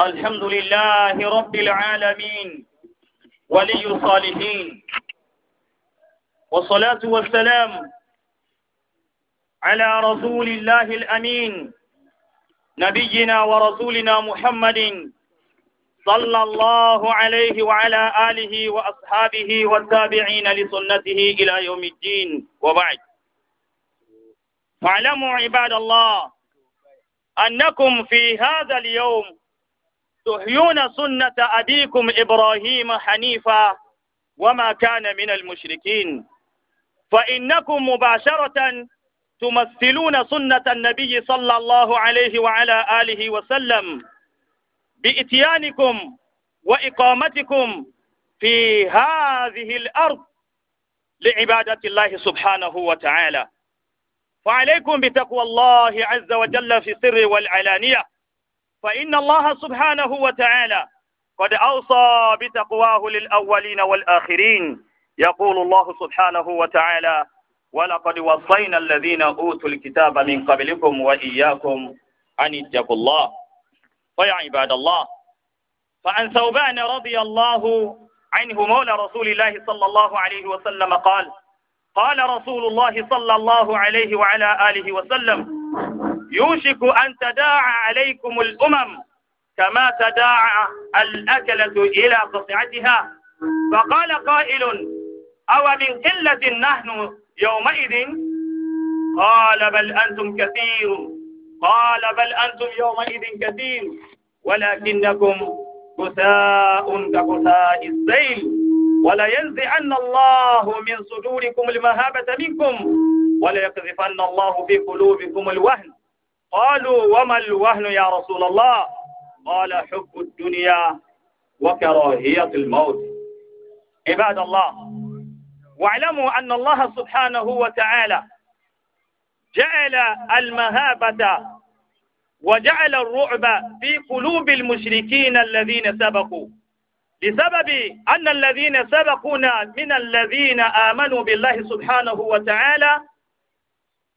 الحمد لله رب العالمين ولي الصالحين والصلاة والسلام على رسول الله الأمين نبينا ورسولنا محمد صلى الله عليه وعلى آله وأصحابه والتابعين لسنته إلى يوم الدين وبعد فاعلموا عباد الله أنكم في هذا اليوم تحيون سنة أبيكم إبراهيم حنيفا وما كان من المشركين فإنكم مباشرة تمثلون سنة النبي صلى الله عليه وعلى آله وسلم بإتيانكم وإقامتكم في هذه الأرض لعبادة الله سبحانه وتعالى فعليكم بتقوى الله عز وجل في السر والعلانية فإن الله سبحانه وتعالى قد أوصى بتقواه للأولين والآخرين يقول الله سبحانه وتعالى ولقد وصينا الذين أوتوا الكتاب من قبلكم وإياكم أن اتقوا الله ويا عباد الله فعن ثوبان رضي الله عنه مولى رسول الله صلى الله عليه وسلم قال قال رسول الله صلى الله عليه وعلى آله وسلم يوشك أن تداعى عليكم الأمم كما تداعى الأكلة إلى قطعتها فقال قائل أو من قلة نحن يومئذ قال بل أنتم كثير قال بل أنتم يومئذ كثير ولكنكم كثاء كغثاء السيل ولينزعن الله من صدوركم المهابة منكم وليقذفن الله في قلوبكم الوهن قالوا وما الوهن يا رسول الله قال حب الدنيا وكراهية الموت عباد الله واعلموا أن الله سبحانه وتعالى جعل المهابة وجعل الرعب في قلوب المشركين الذين سبقوا بسبب أن الذين سبقونا من الذين آمنوا بالله سبحانه وتعالى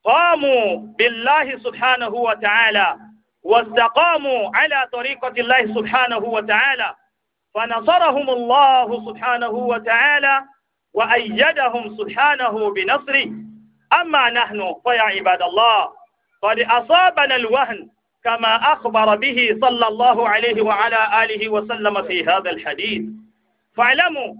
قاموا بالله سبحانه وتعالى واستقاموا على طريقة الله سبحانه وتعالى فنصرهم الله سبحانه وتعالى وأيدهم سبحانه بنصره أما نحن فيا عباد الله قد أصابنا الوهن كما أخبر به صلى الله عليه وعلى آله وسلم في هذا الحديث فاعلموا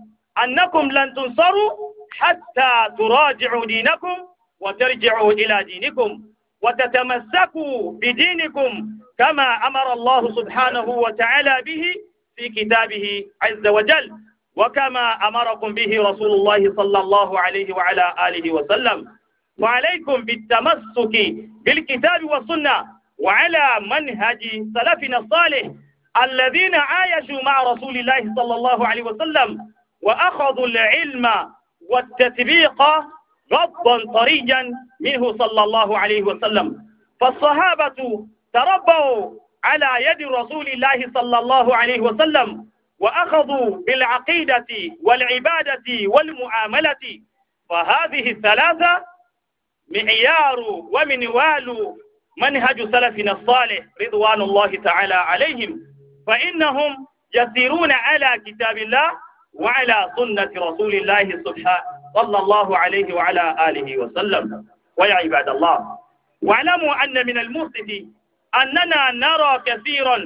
أنكم لن تنصروا حتى تراجعوا دينكم وترجعوا إلى دينكم وتتمسكوا بدينكم كما أمر الله سبحانه وتعالى به في كتابه عز وجل وكما أمركم به رسول الله صلى الله عليه وعلى آله وسلم وعليكم بالتمسك بالكتاب والسنة وعلى منهج سلفنا الصالح الذين عايشوا مع رسول الله صلى الله عليه وسلم وأخذوا العلم والتطبيق غضا طريا منه صلى الله عليه وسلم فالصحابة تربوا على يد رسول الله صلى الله عليه وسلم وأخذوا بالعقيدة والعبادة والمعاملة فهذه الثلاثة معيار ومنوال منهج سلفنا الصالح رضوان الله تعالى عليهم فإنهم يسيرون على كتاب الله وعلى سنة رسول الله سبحانه صلى الله عليه وعلى آله وسلم ويا عباد الله واعلموا أن من المؤسف أننا نرى كثيرا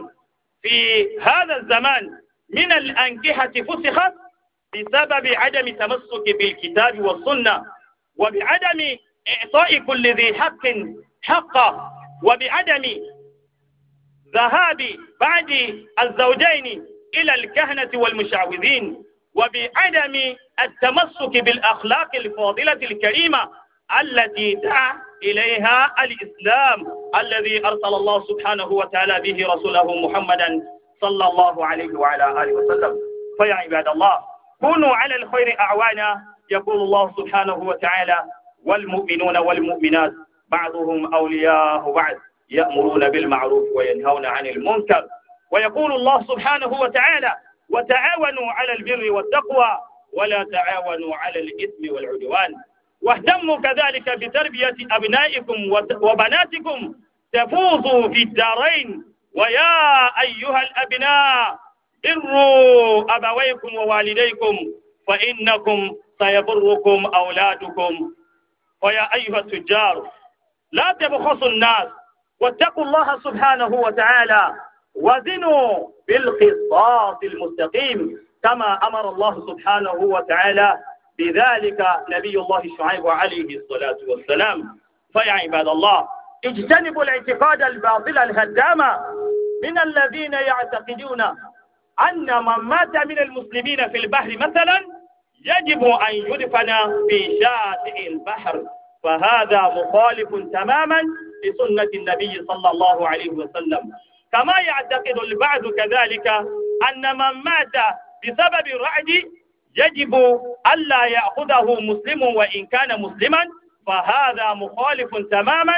في هذا الزمان من الأنكحة فسخت بسبب عدم تمسك بالكتاب والسنة وبعدم إعطاء كل ذي حق حقه وبعدم ذهاب بعد الزوجين إلى الكهنة والمشعوذين وبعدم التمسك بالأخلاق الفاضلة الكريمة التي دعا إليها الإسلام الذي أرسل الله سبحانه وتعالى به رسوله محمدا صلى الله عليه وعلى آله وسلم فيا عباد الله كونوا على الخير أعوانا يقول الله سبحانه وتعالى والمؤمنون والمؤمنات بعضهم أولياء بعض يأمرون بالمعروف وينهون عن المنكر ويقول الله سبحانه وتعالى وتعاونوا على البر والتقوى ولا تعاونوا على الإثم والعدوان واهتموا كذلك بتربية أبنائكم وبناتكم تفوزوا في الدارين ويا أيها الأبناء بروا أبويكم ووالديكم فإنكم سيبركم أولادكم ويا أيها التجار لا تبخسوا الناس واتقوا الله سبحانه وتعالى وزنوا بالقصاص المستقيم كما أمر الله سبحانه وتعالى بذلك نبي الله شعيب عليه الصلاة والسلام فيا عباد الله اجتنبوا الاعتقاد الباطل الهدام من الذين يعتقدون أن من مات من المسلمين في البحر مثلا يجب أن يدفن في شاطئ البحر فهذا مخالف تماما لسنة النبي صلى الله عليه وسلم كما يعتقد البعض كذلك أن من مات بسبب الرعد يجب ألا يأخذه مسلم وإن كان مسلما فهذا مخالف تماما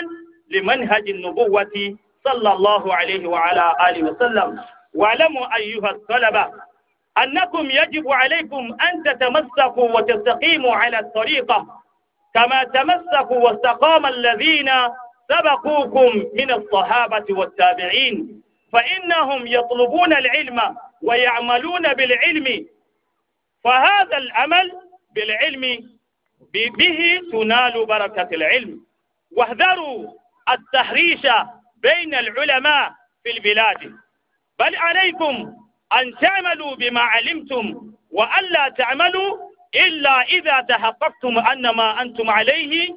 لمنهج النبوة صلى الله عليه وعلى آله وسلم واعلموا أيها الطلبة أنكم يجب عليكم أن تتمسكوا وتستقيموا على الطريقة كما تمسكوا واستقام الذين سبقوكم من الصحابة والتابعين فإنهم يطلبون العلم ويعملون بالعلم فهذا العمل بالعلم به تنال بركة العلم واحذروا التحريش بين العلماء في البلاد بل عليكم أن تعملوا بما علمتم وألا تعملوا إلا إذا تحققتم أن ما أنتم عليه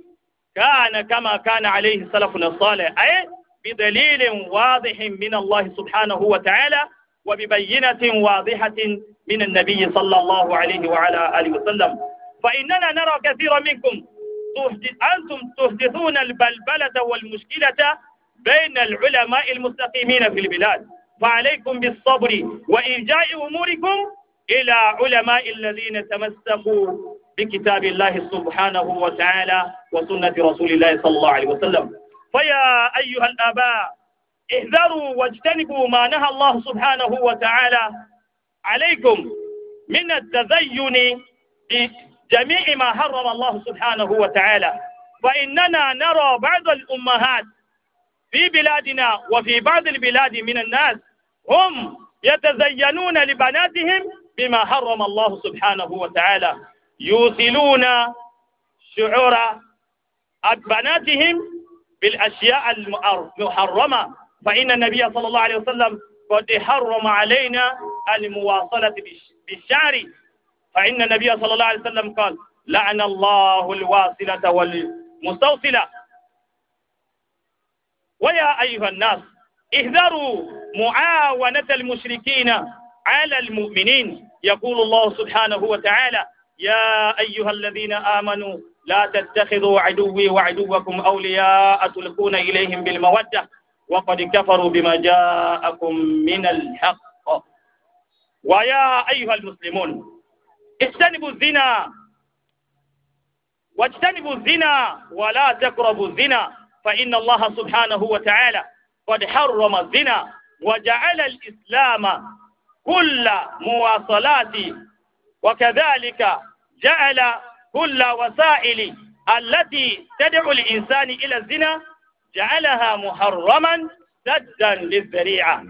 كان كما كان عليه سلفنا الصالح أي بدليل واضح من الله سبحانه وتعالى وببينة واضحة من النبي صلى الله عليه وعلى آله وسلم فإننا نرى كثيرا منكم أنتم تحدثون البلبلة والمشكلة بين العلماء المستقيمين في البلاد فعليكم بالصبر وإرجاء أموركم إلى علماء الذين تمسكوا بكتاب الله سبحانه وتعالى وسنة رسول الله صلى الله عليه وسلم فيا أيها الآباء احذروا واجتنبوا ما نهى الله سبحانه وتعالى عليكم من التزين بجميع ما حرم الله سبحانه وتعالى فإننا نرى بعض الأمهات في بلادنا وفي بعض البلاد من الناس هم يتزينون لبناتهم بما حرم الله سبحانه وتعالى يوصلون شعور بناتهم بالأشياء المحرمة فإن النبي صلى الله عليه وسلم قد حرم علينا المواصلة بالشعر فإن النبي صلى الله عليه وسلم قال لعن الله الواصلة والمستوصلة ويا أيها الناس اهذروا معاونة المشركين على المؤمنين يقول الله سبحانه وتعالى يا أيها الذين آمنوا لا تتخذوا عدوي وعدوكم أولياء تلقون إليهم بالمودة وقد كفروا بما جاءكم من الحق ويا أيها المسلمون اجتنبوا الزنا واجتنبوا الزنا ولا تقربوا الزنا فإن الله سبحانه وتعالى قد حرم الزنا وجعل الإسلام كل مواصلات وكذلك جعل كل وسائل التي تدعو الإنسان إلى الزنا جعلها محرما سدا للذريعة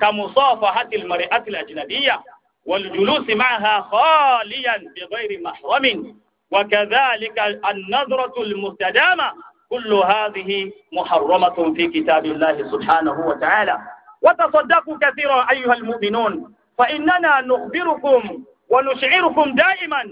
كمصافحة المرأة الأجنبية والجلوس معها خاليا بغير محرم وكذلك النظرة المستدامة كل هذه محرمة في كتاب الله سبحانه وتعالى وتصدقوا كثيرا أيها المؤمنون فإننا نخبركم ونشعركم دائما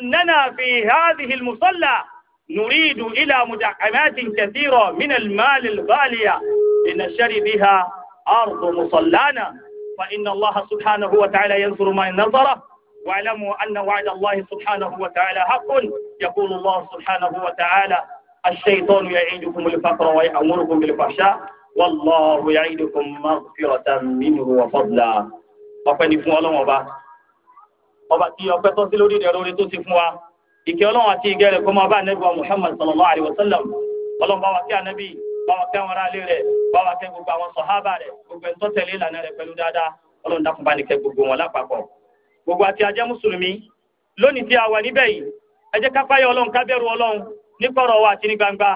أننا في هذه المصلى نريد إلى مدعمات كثيرة من المال الغالية لنشتري بها أرض مصلانا فإن الله سبحانه وتعالى ينصر من نظره واعلموا أن وعد الله سبحانه وتعالى حق يقول الله سبحانه وتعالى الشيطان يعيدكم الفقر ويأمركم بالفحشاء والله يعيدكم مغفرة منه وفضلا ọpẹ́ ni fún Ọlọ́run ọba ọba tí ọpẹ́ tó sí lórí ìdẹ̀rọ orin tó ti fún wa ìkẹ́ Ọlọ́run àti ìgẹ́ rẹ̀ kó máa bá ànábì wa Muhammad sallallahu alaihi wasallam Ọlọ́run bá wa kí ànábì bá wa kẹ́ wọn ráalé rẹ̀ bá wa kẹ́ gbogbo àwọn sọhábà rẹ̀ gbogbo ẹni tó tẹ̀lé ìlànà rẹ̀ pẹ̀lú dáadáa Ọlọ́run dákun bá ní kẹ́ gbogbo wọn lápapọ̀ gbogbo àti ajẹ mùsùlùmí lónìí tí a wà níbẹ̀ yìí ẹ jẹ́ ká páyà Ọlọ́run ká bẹ̀rù Ọlọ́run nígbọ̀rọ̀ wa àti ní gbangba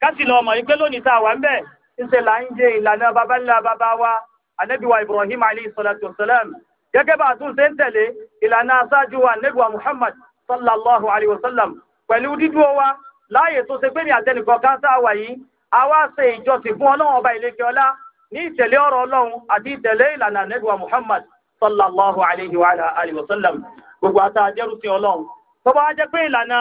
kásì lọ mọ̀ wípé lónìí tá a wà ń bẹ̀ ńṣe là ń jẹ ìlànà baba ńlá baba wa anabi wa ibrahim alayhi salatu wa salam gẹ́gẹ́ bá a tún ṣe ń tẹ̀lé ìlànà aṣáájú wa anabi wa muhammad sallallahu alayhi wa sallam pẹ̀lú dídúró wa láàyè tó ṣe pé ní àtẹnìkọ̀ kan tá yìí a wá ṣe ìjọsìn fún ọlọ́run ọba ìlẹ́kẹ ọlá ní ìtẹ̀lé ọ̀rọ̀ ọlọ́run àti ìtẹ̀lé ìlànà anabi muhammad sallallahu alayhi wa sallam gbogbo àtàjẹ́rù sí ọlọ́run tó bá wá jẹ́ pé ìlànà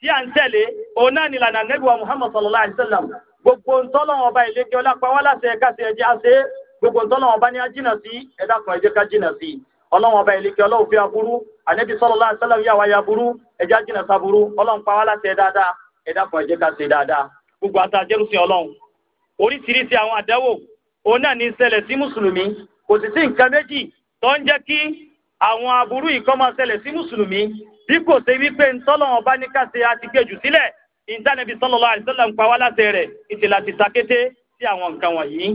tí à ń tẹ̀lé òun náà ni lànà nẹ́bí wa muhammad sallallahu alayhi wa sallam gbogbo ntọ́lọ́wọ́n ọba ìlékè ọlọ́pàá wà láti ẹ̀ka sí ẹ̀jẹ̀ àṣẹ gbogbo ntọ́lọ́wọ́n ọba ní ajínà sí ẹ̀dá kan ẹ̀jẹ̀ ká jìnà sí ọlọ́wọ́n ọba fi aburú ànẹ́bí sallallahu alayhi wa sallam yà ya burú ẹ̀jẹ̀ àjìnà bí kò ṣe wípé ntọ́lọ́wọ́n bá ní káṣe àti gbèjù sílẹ̀ ìdánilẹ́bi sallallahu alaihi wasallam ń pa wá láṣẹ rẹ̀ ìṣẹ̀ láti takété sí àwọn nǹkan wọ̀nyí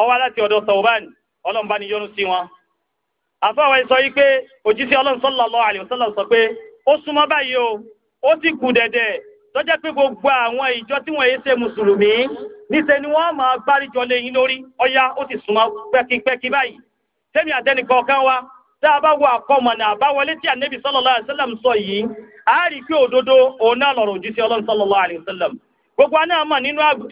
ọwọ́ láti ọ̀dọ̀ sọ̀wọ́n ọlọ́run bá ní sí wọn. àfọwọ́ sọ ọlọ́run sọ pé ó súnmọ́ báyìí o ó sì tá a bá wo àkọmọ̀nà àbáwọlé tí ànábì sallallahu alaihi wasallam sọ yìí a rí i pé òdodo òun náà lọ̀rọ̀ òjíṣẹ́ ọlọ́run sallallahu alaihi wasallam gbogbo aná mọ̀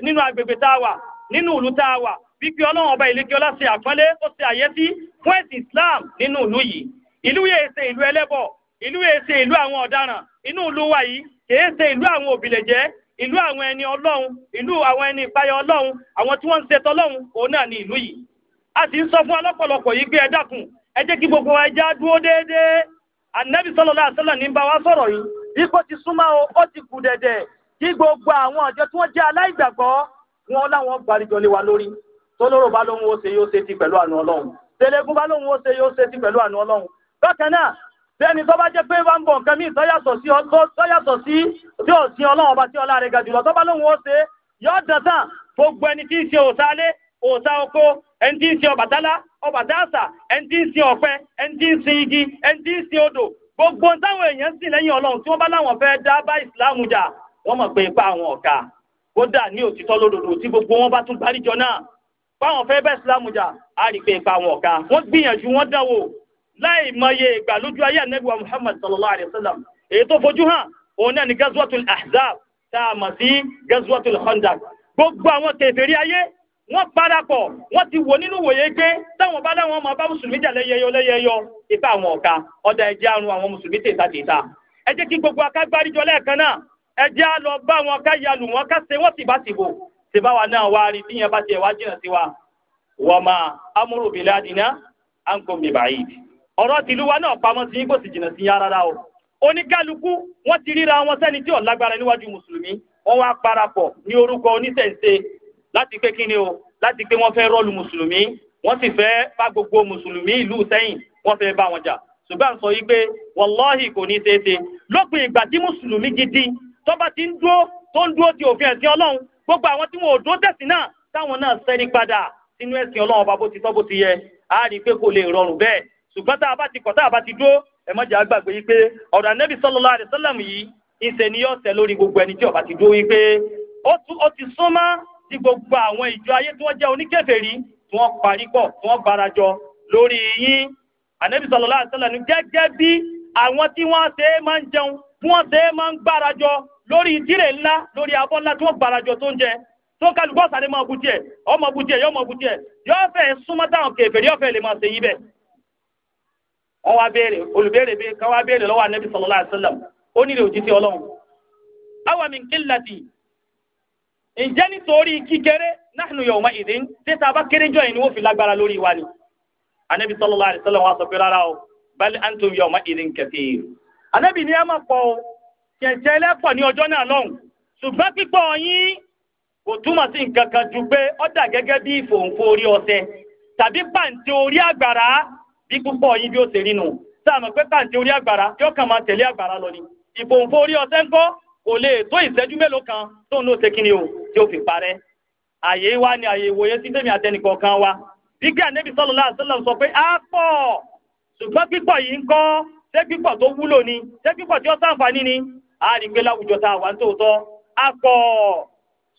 nínú agbègbè tá a wà nínú ìlú tá a wà wípé ọlọ́run ọba ìlékẹ́ ọlá ṣe àpọ́nlé ó ṣe àyẹ́sí fún ẹ̀sìn Islam nínú ìlú yìí ìlú yẹn ṣe ìlú ẹlẹ́bọ ìlú yẹn ṣe ìlú àwọn ọ̀daràn inú ìlú wa yìí kìí ṣe ìlú àwọn òbílẹ̀jẹ́ ìlú àwọn ẹni ọlọ́run ìlú àwọn ẹni ìpayà ọlọ́run àwọn tí wọ́n ń ṣe tọ́lọ́run òun náà ni ìlú yìí a sì ń sọ fún ọlọ́pọ̀lọpọ̀ yìí gbé ẹ dákun ẹ jẹ́ kí gbogbo ẹja dúró déédéé ànábì sallallahu alaihi ní bá wa sọ̀rọ̀ yìí ipò ti súnmọ́ o ó ti kù dẹ̀dẹ̀ kí gbogbo àwọn àjọ tí wọ́n jẹ́ aláìgbàgbọ́ wọn láwọn gbarijọ lé wa lórí tólóró bá lóhun ó ṣe yóò ṣe ti pẹ̀lú àánú ọlọ́run tẹlẹgún bá lóhun ó ṣe yóò ṣe ti pẹ̀lú àánú ọlọ́run bákan náà bẹ́ẹ̀ni tó bá jẹ́ pé wá ń bọ̀ nǹkan míì tọ́yàtọ̀ sí tọ́yàtọ̀ sí tí ò sí ọlọ́run ọba tí ọlá rẹ̀ ga jùlọ tó bá lóhun ó ṣe yóò dàn tán gbogbo ẹni tí ń ṣe òòṣà alé oko ẹni tí ń ṣe ọbàtálá ọba dáàsà ẹni tí ń sin ọ̀pẹ ẹni tí ń sin igi ẹni tí ń sin odò gbogbo táwọn èèyàn sì lẹ́yìn ọlọ́run tí wọ́n bá láwọn fẹ́ dá bá ìsìláàmù jà wọ́n mọ̀ pé ipa àwọn ọ̀ka kódà ní òtítọ́ lódodo tí gbogbo wọn bá tún gbáríjọ náà báwọn fẹ́ bá ìsìláàmù jà á rí pé ipa àwọn ọ̀ka wọ́n gbìyànjú wọ́n dánwò láì mọye ìgbà lójú ayé ànábì wa muhammad sallallahu alayhi wa sallam èyí tó fojú hàn òun náà ni gazwatul ahzab tá a mọ̀ sí gazwatul khandaq gbogbo àwọn kèfèrí ayé wọ́n parapọ̀ wọ́n ti wò nínú wòye gbé táwọn bá láwọn ọmọ bá mùsùlùmí jà lẹ́yẹyọ lẹ́yẹyọ ipa àwọn ọ̀ka ọ̀dà ẹ̀jẹ̀ àrùn àwọn mùsùlùmí tèta tèta ẹ kí gbogbo akágbáríjọ lẹ́ẹ̀kan náà ẹ á lọ bá wọn ká yalù wọn ká ṣe wọ́n tìbá tìbò tìbá wa náà wá rí tíyẹn bá tiẹ̀ wá jìnnà sí wa wọ́n máa amúrò bìlẹ̀ àdínà à ń kó mi báyìí ọ̀rọ̀ tìlú wa náà pamọ́ sí yín kò sì jìnnà sí yín rárá o oníkálukú wọ́n ti ríra wọn sẹ́ni tí ò lágbára níwájú mùsùlùmí láti pé kíni o láti pé wọ́n fẹ́ rọ́ọ̀lù mùsùlùmí wọ́n sì fẹ́ bá gbogbo mùsùlùmí ìlú sẹ́yìn wọ́n fẹ́ bá wọn jà ṣùgbọ́n sọ yìí pé wàláhì kò ní ṣeéṣe lópin ìgbà tí mùsùlùmí gidi tó bá ti ń dúró tó ń dúró ti òfin ẹ̀sìn ọlọ́run gbogbo àwọn tí wọn ò dúró tẹ̀sìn náà táwọn náà sẹ́ni padà sínú ẹ̀sìn ọlọ́run ọba bó ti tọ́ bó ti yẹ á rí i pé kò lè rọrùn bẹ́ẹ̀ ṣùgbọ́n tá a bá ti kọ̀ tá a bá ti dúró ẹ má àgbàgbé yìí pé ọ̀rọ̀ anẹ́bí sallallahu alaihi yìí ìṣe tẹ̀ lórí gbogbo ẹni tí ó ti dúró yìí pé ó ti súnmọ́ tí gbogbo àwọn ìjọ ayé tí wọ́n jẹ́ oníkèfèrí tí wọ́n parí pọ̀ tí wọ́n barajọ lórí yín ànábì sallallahu alaihi wasallam gẹ́gẹ́ bí àwọn tí wọ́n ṣe é máa ń jẹun tí wọ́n ṣe é máa ń barajọ lórí ìdílé ńlá lórí abọ́ ńlá tí wọ́n barajọ tó ń jẹ tó kálukọ́ sáré máa bu tiẹ̀ ọmọ bu tiẹ̀ yọmọ bu tiẹ̀ yọ fẹ́ súnmọ́ táwọn kèfèrí ọ̀fẹ́ lè máa ṣe yí bẹ́ẹ̀ wọ́n wá béèrè olùbéèrè bí káwá béèrè lọ́wọ́ ànábì sallallahu alaihi wasallam ó nílò òjì sí ọlọ́run ǹjẹ́ nítorí kíkéré nahnu yawma idhin títa bá kéré jọ yìí ni wọ́n fi lágbára lórí wa ni anabi sallallahu alaihi wasallam wa sọ pé rárá o bal antum yawma idhin kathir anabi ni ẹ máa pọ̀ o kẹ̀kẹ́ ẹlẹ́pọ̀ ní ọjọ́ náà lọ́hùn ṣùgbọ́n pípọ̀ yín kò túmọ̀ sí nǹkan kan ju pé ó dà gẹ́gẹ́ bí ìfòǹfò orí ọ̀sẹ̀ tàbí pàǹtí orí àgbàrá bí púpọ̀ yín bí ó ṣe rí nù sáà mọ̀ pé pàǹtí orí àgbàrá yóò kàn máa tẹ̀lé àgbàrá lọ ni ìfòǹfò orí ọ̀sẹ̀ ńkọ́ kò lè tó ìṣẹ́jú mélòó kan tó ń lò ṣe kíni o tí ó fi parẹ́ àyè wa ni àyè ìwòye sí tèmi àtẹnìkọ̀ọ̀kan wa bíkẹ́ ànẹ́bí sallallahu alaihi wasallam sọ pé á pọ̀ ṣùgbọ́n pípọ̀ yìí ń kọ́ ṣé pípọ̀ tó wúlò ni ṣé pípọ̀ tí ó sàǹfààní ni a rí pé láwùjọ tá a wà tòótọ́ pọ̀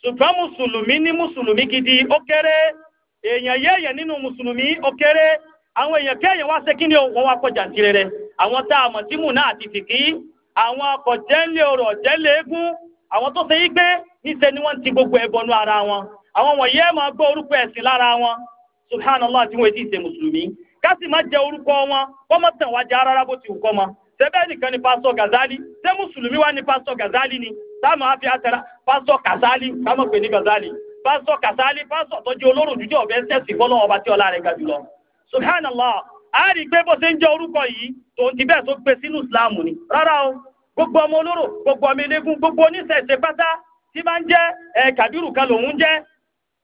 ṣùgbọ́n mùsùlùmí ní mùsùlùmí gidi ó kéré èèyàn yé nínú mùsùlùmí ó kéré àwọn èèyàn wá ṣe kí ni níṣẹ́ ni wọ́n ti gbogbo ẹ̀bọnú ara wọn àwọn wọ̀nyí ẹ̀ máa gbọ́ orúkọ ẹ̀sìn lára wọn subhanallah tí wọ́n ti ṣe mùsùlùmí ká sì má jẹ orúkọ wọn kọ́ mọ́ tàn wá jẹ rárá bó ti wù kọ́ mọ sẹ́bẹ́ nìkan ni pásítọ̀ Gazali ṣé mùsùlùmí wá ní pásítọ̀ Gazali ni táàmù àfi àtẹ̀rà pásítọ̀ Gazali táàmù pè ní Gazali pásítọ̀ Gazali pásítọ̀ tó jẹ́ olóró òjújọ́ ọ̀bẹ ṣẹ̀sì fọlọ́wọ́ ọba tí ọlá rẹ̀ ga jùlọ subhanallah a rí i pé bó ṣe ń jẹ orúkọ yìí tòun ti bẹ́ẹ̀ tó gbé sínú ìsìláàmù ni rárá o gbogbo ọmọ olóró gbogbo ọmọ eléégún gbogbo oníṣẹ̀ṣe pátá tí máa ń jẹ́ ẹ kàbírù kan lòún jẹ́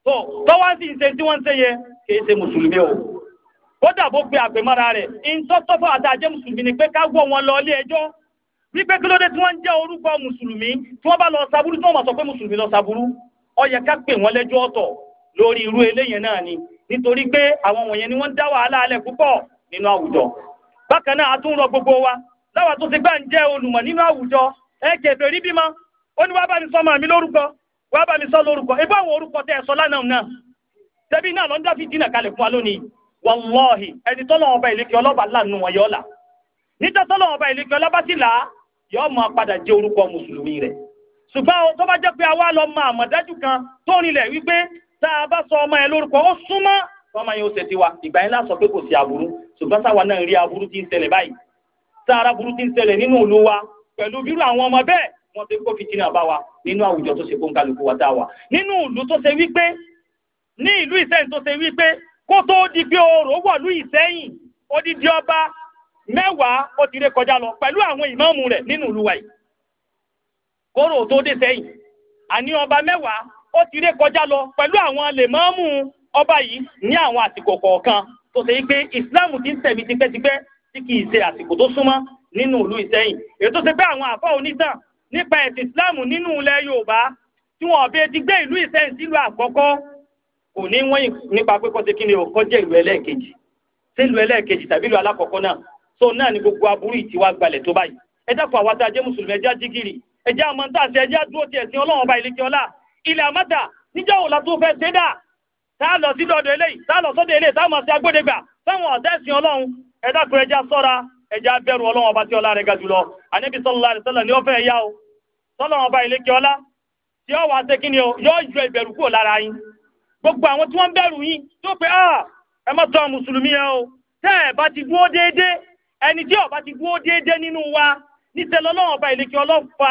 tó tọ́wá sí ṣe tí wọ́n ń ṣe yẹ kì í ṣe mùsùlùmí o kódà bó pe àpèmọ́ra rẹ ìńtọ́tọ́fọ́ àtàjẹ́ mùsùlùmí ni pé ká wọ́ wọn lọ ilé ẹjọ́ wípé kí ló dé tí wọ́n ń jẹ́ orúkọ mùsùlùmí tí wọ́n bá lọ saburú tí wọ́n máa sọ pé mùsùlùmí lọ saburú ó yẹ ká pè wọn lẹ́jọ́ ọtọ lórí irú eléyẹn náà ni nítorí pé àwọn wọ̀nyẹn ni ń púpọ̀ nínú àwùjọ bákan náà gbogbo wa láwa tó ti gbà ń nínú àwùjọ ó ní wàá bá mi sọ ọmọ mi lórúkọ wàá bá mi sọ lórúkọ ebí àwọn orúkọ tẹ ẹ sọ lánàá náà tẹbi náà dínà kalẹ̀ fún wa lónìí wàlọ́ọ̀hì ẹni tọ́lọ̀ ọba ìlékè ọlọ́ba lánàá wọn yọ ọ́ la níta tọ́lọ̀ ọba ìlékè ọlọ́ba sì là á yọ ọ́ máa padà jẹ́ orúkọ mùsùlùmí rẹ̀ ṣùgbọ́n tó bá jẹ́ pé lọ mọ àmọ̀dájú kan tó rinlẹ̀ a bá sọ ọmọ yẹn lórúkọ ó wọ́n fi kó fìtínà bá wa nínú àwùjọ tó ṣe kóńkálukú wa tá a wà nínú ìlú tó ṣe wípé ní ìlú ìsẹ́yìn tó ṣe wípé kó tó di pé oòrùn wọ̀lú ìsẹ́yìn odidi ọba mẹ́wàá ó ti ré kọjá lọ pẹ̀lú àwọn ìmáàmù rẹ̀ nínú ìlú wa yìí kóró tó dé sẹ́yìn àní ọba mẹ́wàá ó ti ré kọjá lọ pẹ̀lú àwọn lèmọ́ọ́mù ọba yìí ní àwọn àsìkò kọ̀ọ̀kan tó ṣe pé ìsìláàmù ti ń tẹ̀mí tipẹ́tipẹ́ tí kì í ṣe àsìkò tó súnmọ́ nínú ìlú ìsẹ́yìn èyí tó ṣe pé àwọn àfáà onítàn nípa ẹ̀sìn islam nínú ilẹ̀ yorùbá tí wọn ọ̀bẹ ti gbé ìlú ìsẹ́yìn sílùú àkọ́kọ́ kò ní wọ́n nípa pé kọ́sẹ́ kí ni ò kọ́jẹ́ ìlú ẹlẹ́ẹ̀kejì sí ìlú ẹlẹ́ẹ̀kejì tàbí ìlú alákọ̀ọ́kọ́ náà so náà ni gbogbo aburú ìtiwá gbalẹ̀ tó báyìí ẹ dákun àwa tá a jẹ́ mùsùlùmí ẹjẹ́ àjígìrì ẹjẹ́ àmọ́ntàṣe ẹjẹ́ àdúró ti ẹ̀sìn ọlọ́run ọba ìlẹ́kẹ́ ọlá ilẹ̀ àmọ́ta níjọ́ òòlà tó fẹ́ ṣe dà tá a lọ sí dọ̀dọ̀ eléyìí tá a lọ sọ́dọ̀ eléyìí tá a mọ̀ sí agbódegbà táwọn ọ̀tá ẹ̀sìn ọlọ́run ẹ dákun ẹjẹ́ sọ́ra ẹjẹ́ abẹ́rù ọlọ́run ọba tí ọlá rẹ̀ ga jùlọ àníbi sallallahu alaihi wasallam ni ó fẹ́ o tọ́lọ́run ọba ìlékè ọlá tí ó wàá ṣe kíni o yóò yọ ìbẹ̀rù kúrò lára yín gbogbo àwọn tí wọ́n bẹ̀rù yín tó pé ah, ẹ má sọ mùsùlùmí ẹ o tẹ́ ẹ bá ti dúró déédéé ẹni tí ó bá ti dúró déédéé nínú wa níṣẹ́ lọ́lọ́run ọba ìlékè ọlọ́fà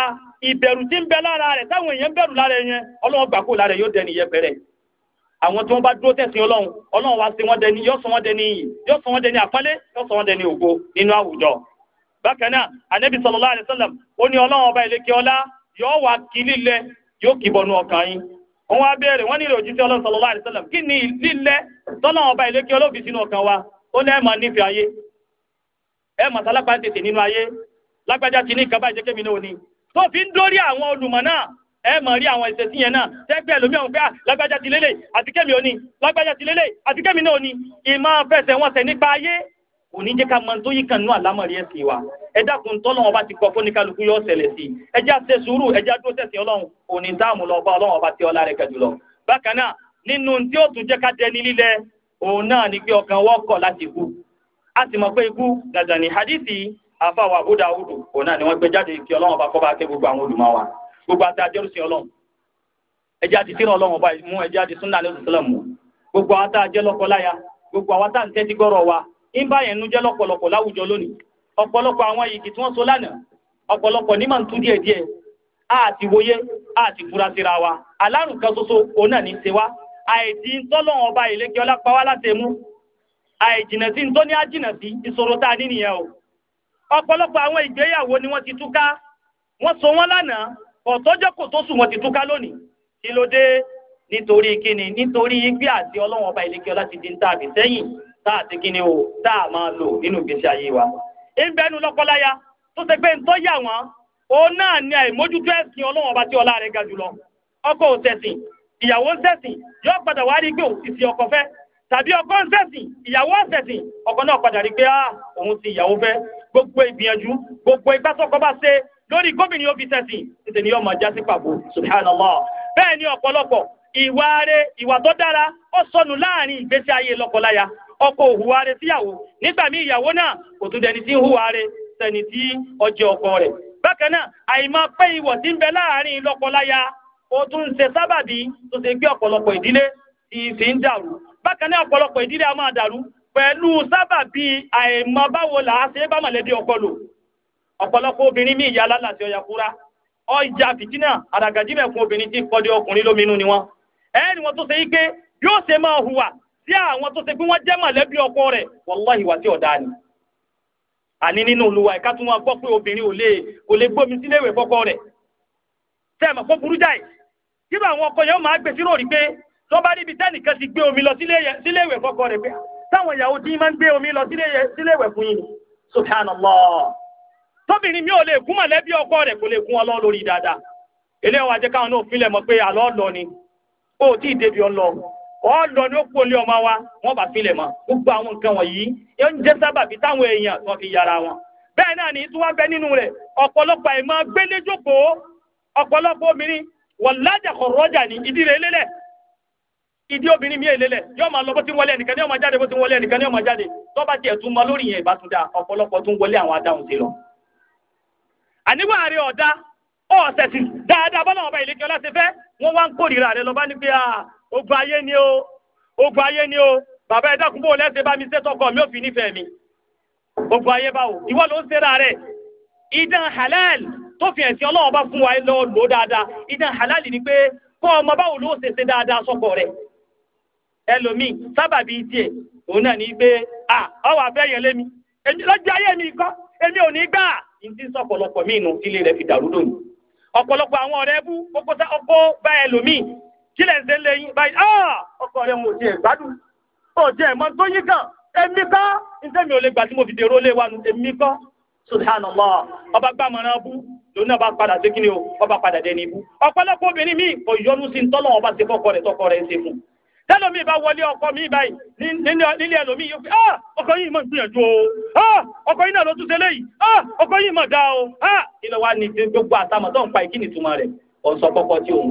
ìbẹ̀rù tí ń bẹ lára rẹ̀ táwọn èèyàn ń bẹ̀rù lára yẹn ọlọ́run gbà kó lára yóò dẹni yẹpẹrẹ àwọn tí wọ́n bá dúró tẹ̀sìn ọlọ́run ọlọ́run wá sí wọn dẹni yóò sọ wọn dẹni iyì yóò sọ wọn dẹni àpọ́nlé yóò sọ wọn dẹni ògo nínú àwùjọ bákan náà anabi sallallahu alayhi wa sallam ó ní ọlọ́run ọba ìlẹ́kẹ́ ọlá yóò wá kí lílẹ̀ yóò kì bọnú ọkàn yín wọn wá béèrè wọn nílò òjíṣẹ́ ọlọ́run sallallahu alayhi wa sallam kí ni lílẹ̀ tọ́lọ́run ọba ìlẹ́kẹ́ ọlọ́bì sínú ọkàn wa ó ní ẹ̀ máa ayé ẹ̀ sálápá tètè nínú ayé lágbájá ti ní ìkábá ìjẹ́kẹ́mi náà ni tó fi ń dórí àwọn olùmọ̀ náà ẹ mọ̀ rí àwọn ìṣesí yẹn náà tẹ́gbẹ́ lómi ọ̀hún pé à ah, lágbájá ti lélẹ̀ àti kẹ́mi òní lágbájá ti lélẹ̀ àti kẹ́mi náà òní ìmọ̀ fẹsẹ̀ wọn sẹ̀ nípa ayé kò ní jẹ́ ká mọ tó yí kànú àlámọ̀rí ẹ̀sìn wa ẹ dákun tọ́lọ́run ọba ti kọ fún oníkálukú yóò ṣẹlẹ̀ sí i ẹ já ṣe sùúrù ẹ já dúró tẹ̀sìn ọlọ́run òní táàmù lọ bá ọlọ́run ọba tí ọlá rẹ̀ kẹjù lọ. bákan náà nínú tí ó tún jẹ́ ká dẹni lílẹ̀ òun náà ni pé ọkàn wọ́n kọ̀ láti kú a sì mọ̀ pé ikú dandan ni hadithi àfàwọ̀ Abu Dawud òun náà ni wọ́n gbé jáde kí ọlọ́run ọba kọ́ bá ké gbogbo àwọn olùmọ̀ wa gbogbo àti àjẹrùsìn ọlọ́run ẹjẹ́ àti tírà ọlọ́run tá a ń tẹ́tí gbọ́rọ̀ wa ń bá yẹn nu jẹ́ lọ́pọ̀lọpọ̀ láwùjọ lónìí ọ̀pọ̀lọpọ̀ àwọn yìí tí wọ́n so lánàá ọ̀pọ̀lọpọ̀ ní màá tún díẹ̀ díẹ̀ a ti wòye a ti fura síra wa alárùn kan ṣoṣo òun náà ní í ṣe wá àìdí ntọ́lọ̀ ọba ìlékè ọlá pa wá láti mú àìjìnà sí ntọ́ ní àjìnà sí ìṣòro tá a ní nìyẹn o ọ̀pọ̀lọpọ̀ àwọn ìgbéyàwó ni wọ́n ti túká wọ́n so wọ́n lánàá ọ̀tọ́jọ́ kò tó sùn wọ́n ti túká lónìí kí ló dé nítorí kíni nítorí gbé àti ọlọ́wọ́n ọba ìlékè ọlá ti di ń tàbí sẹ́yìn tá a kí ni o tá a máa lò nínú ìgbésí ayé wa. ìbẹ́nu lọ́kọ́láya tó ṣe pé ntọ́ yà wọ́n òun náà àìmójútó ẹ̀sìn ọba tí ọlá ga jùlọ. ọkọ ò ìyàwó ń ṣẹ̀sìn yóò padà wá rí pé òun ọkọ fẹ́ tàbí ọkọ ń ìyàwó ọkọ náà padà rí pé ah, òun ti ìyàwó gbogbo ìgbìyànjú gbogbo bá ṣe lórí gómìnà fi tètè ni yóò máa já sí pàbó ni ọ̀pọ̀lọpọ̀ ìwà rẹ̀ ìwà tó dára ó sọnù láàrin ọkọ òhùwà rẹ̀ síyàwó nígbàmí ìyàwó náà kò tún dẹni tí ń hùwà rẹ̀ sẹni tí ọjẹ ọkọ rẹ̀ bákanáà náà àìmọ̀ ìwọ̀ tí ń bẹ láàárín lọ́kọláya ó tún ṣe sábàbí tó ṣe gbé ọ̀pọ̀lọpọ̀ ìdílé fi ń dàrú a máa dàrú pẹ̀lú sábàbí báwo bá ọ̀pọ̀lọpọ̀ obìnrin mi kúra ọjà fìtínà ọkùnrin ni wọ́n tó ṣe si àwọn tó ṣe pé wọ́n jẹ́ mọ̀lẹ́bí ọkọ rẹ̀ wàláhì wà tí ọ̀dà ni. àní nínú olùwà ẹ̀ka tí wọ́n gbọ́ pé obìnrin ò lè kò lè gbómi sílé ìwé fọ́kọ rẹ̀. sẹ́ẹ̀ mọ̀ kó burú jáì kíbi àwọn ọkọ yẹn ó máa gbé sírò rí pé tó bá níbi tẹ́nìkan ti gbé omi lọ sílé ìwé fọ́kọ rẹ̀ pé táwọn ìyàwó máa ń gbé omi lọ sílé ìwé fún ni tóbìnrin mi ò lè ọkọ rẹ̀ kò lè lórí dáadáa eléyàwó ajẹ́káwọn náà mọ́ pé àlọ́ ni ó ọ̀dọ̀ ni ó kú olé ọmọ wa wọ́n bá filẹ̀ mọ́ gbogbo àwọn nǹkan wọ̀nyí yóò ń jẹ́ sábàbí táwọn èèyàn tó fi wọn. bẹ́ẹ̀ náà ni bẹ nínú rẹ̀ ọ̀pọ̀lọpọ̀ gbélé-jókòó ọ̀pọ̀lọpọ̀ obìnrin lájà ní ìdí rẹ̀ lélẹ̀ ìdí obìnrin lọ bó ti wọlé ẹnìkan ní ó ti wọlé ẹnìkan ní jáde tó bá tiẹ̀ tún mọ lórí yẹn ìbá dá ọ̀pọ̀lọpọ̀ tún wọlé ogun ayé ni o ogun ayé ni o bàbá ẹ dákun bò lẹ́sẹ̀ bá mi sẹ́tọ̀kọ̀ mi ò fi nífẹ̀ẹ́ mi ogun ayé báwo ìwọ ló ń ṣe ra rẹ ìdán halal tó fi ẹ̀sìn ọlọ́run bá fún wa lọ lò dáadáa ìdán halal ni pé kọ́ ọmọ báwo ló ṣe ṣe dáadáa sọ́kọ rẹ ẹlòmíì sábàbí tiẹ̀ òun náà ní pé à ọwọ́ abẹ́ yẹn lémi èmi lọ́jọ́ ayé mi kọ́ èmi ò ní gbà ìdí sọ̀pọ̀lọpọ̀ mí inú ilé rẹ̀ fi dàrú lónìí ọ̀pọ̀lọpọ̀ àwọn ọ̀rẹ́ bú ọkọ̀ bá ẹlòmíì kí lẹ̀ ń ṣe lẹ́yìn báyìí ah ọkọ rẹ̀ mo jẹ ìgbádùn ó jẹ ẹ̀mọ́ tó yí kàn èmi kọ́ ntẹ́mi ò lè gbà tí mo fi dèrò lé wa nù èmi kọ́ subhanallah ọba gbàmọ̀ràn bú lòun náà bá padà sí kíni o ọba padà dé ní ibú ọ̀pọ̀lọpọ̀ obìnrin míì kò yọnu sí ntọ́lọ́ ọba ṣe fọ́kọ rẹ̀ tọkọ rẹ̀ ṣe fún tẹ́lọ̀mí bá wọlé ọkọ mi báyìí nílé ẹlòmí yóò fi ah ọkọ yìí mọ̀ ń gbìyànjú o ah ọkọ yìí náà ló tún ṣe léyìí ah ọkọ yìí mọ̀ dá o ah ilẹ̀ wa ni gbogbo àtàmọ̀ tó ń pa ìkíni túmọ̀ rẹ̀ ọ̀sọ̀ kọ̀kọ̀ tí òun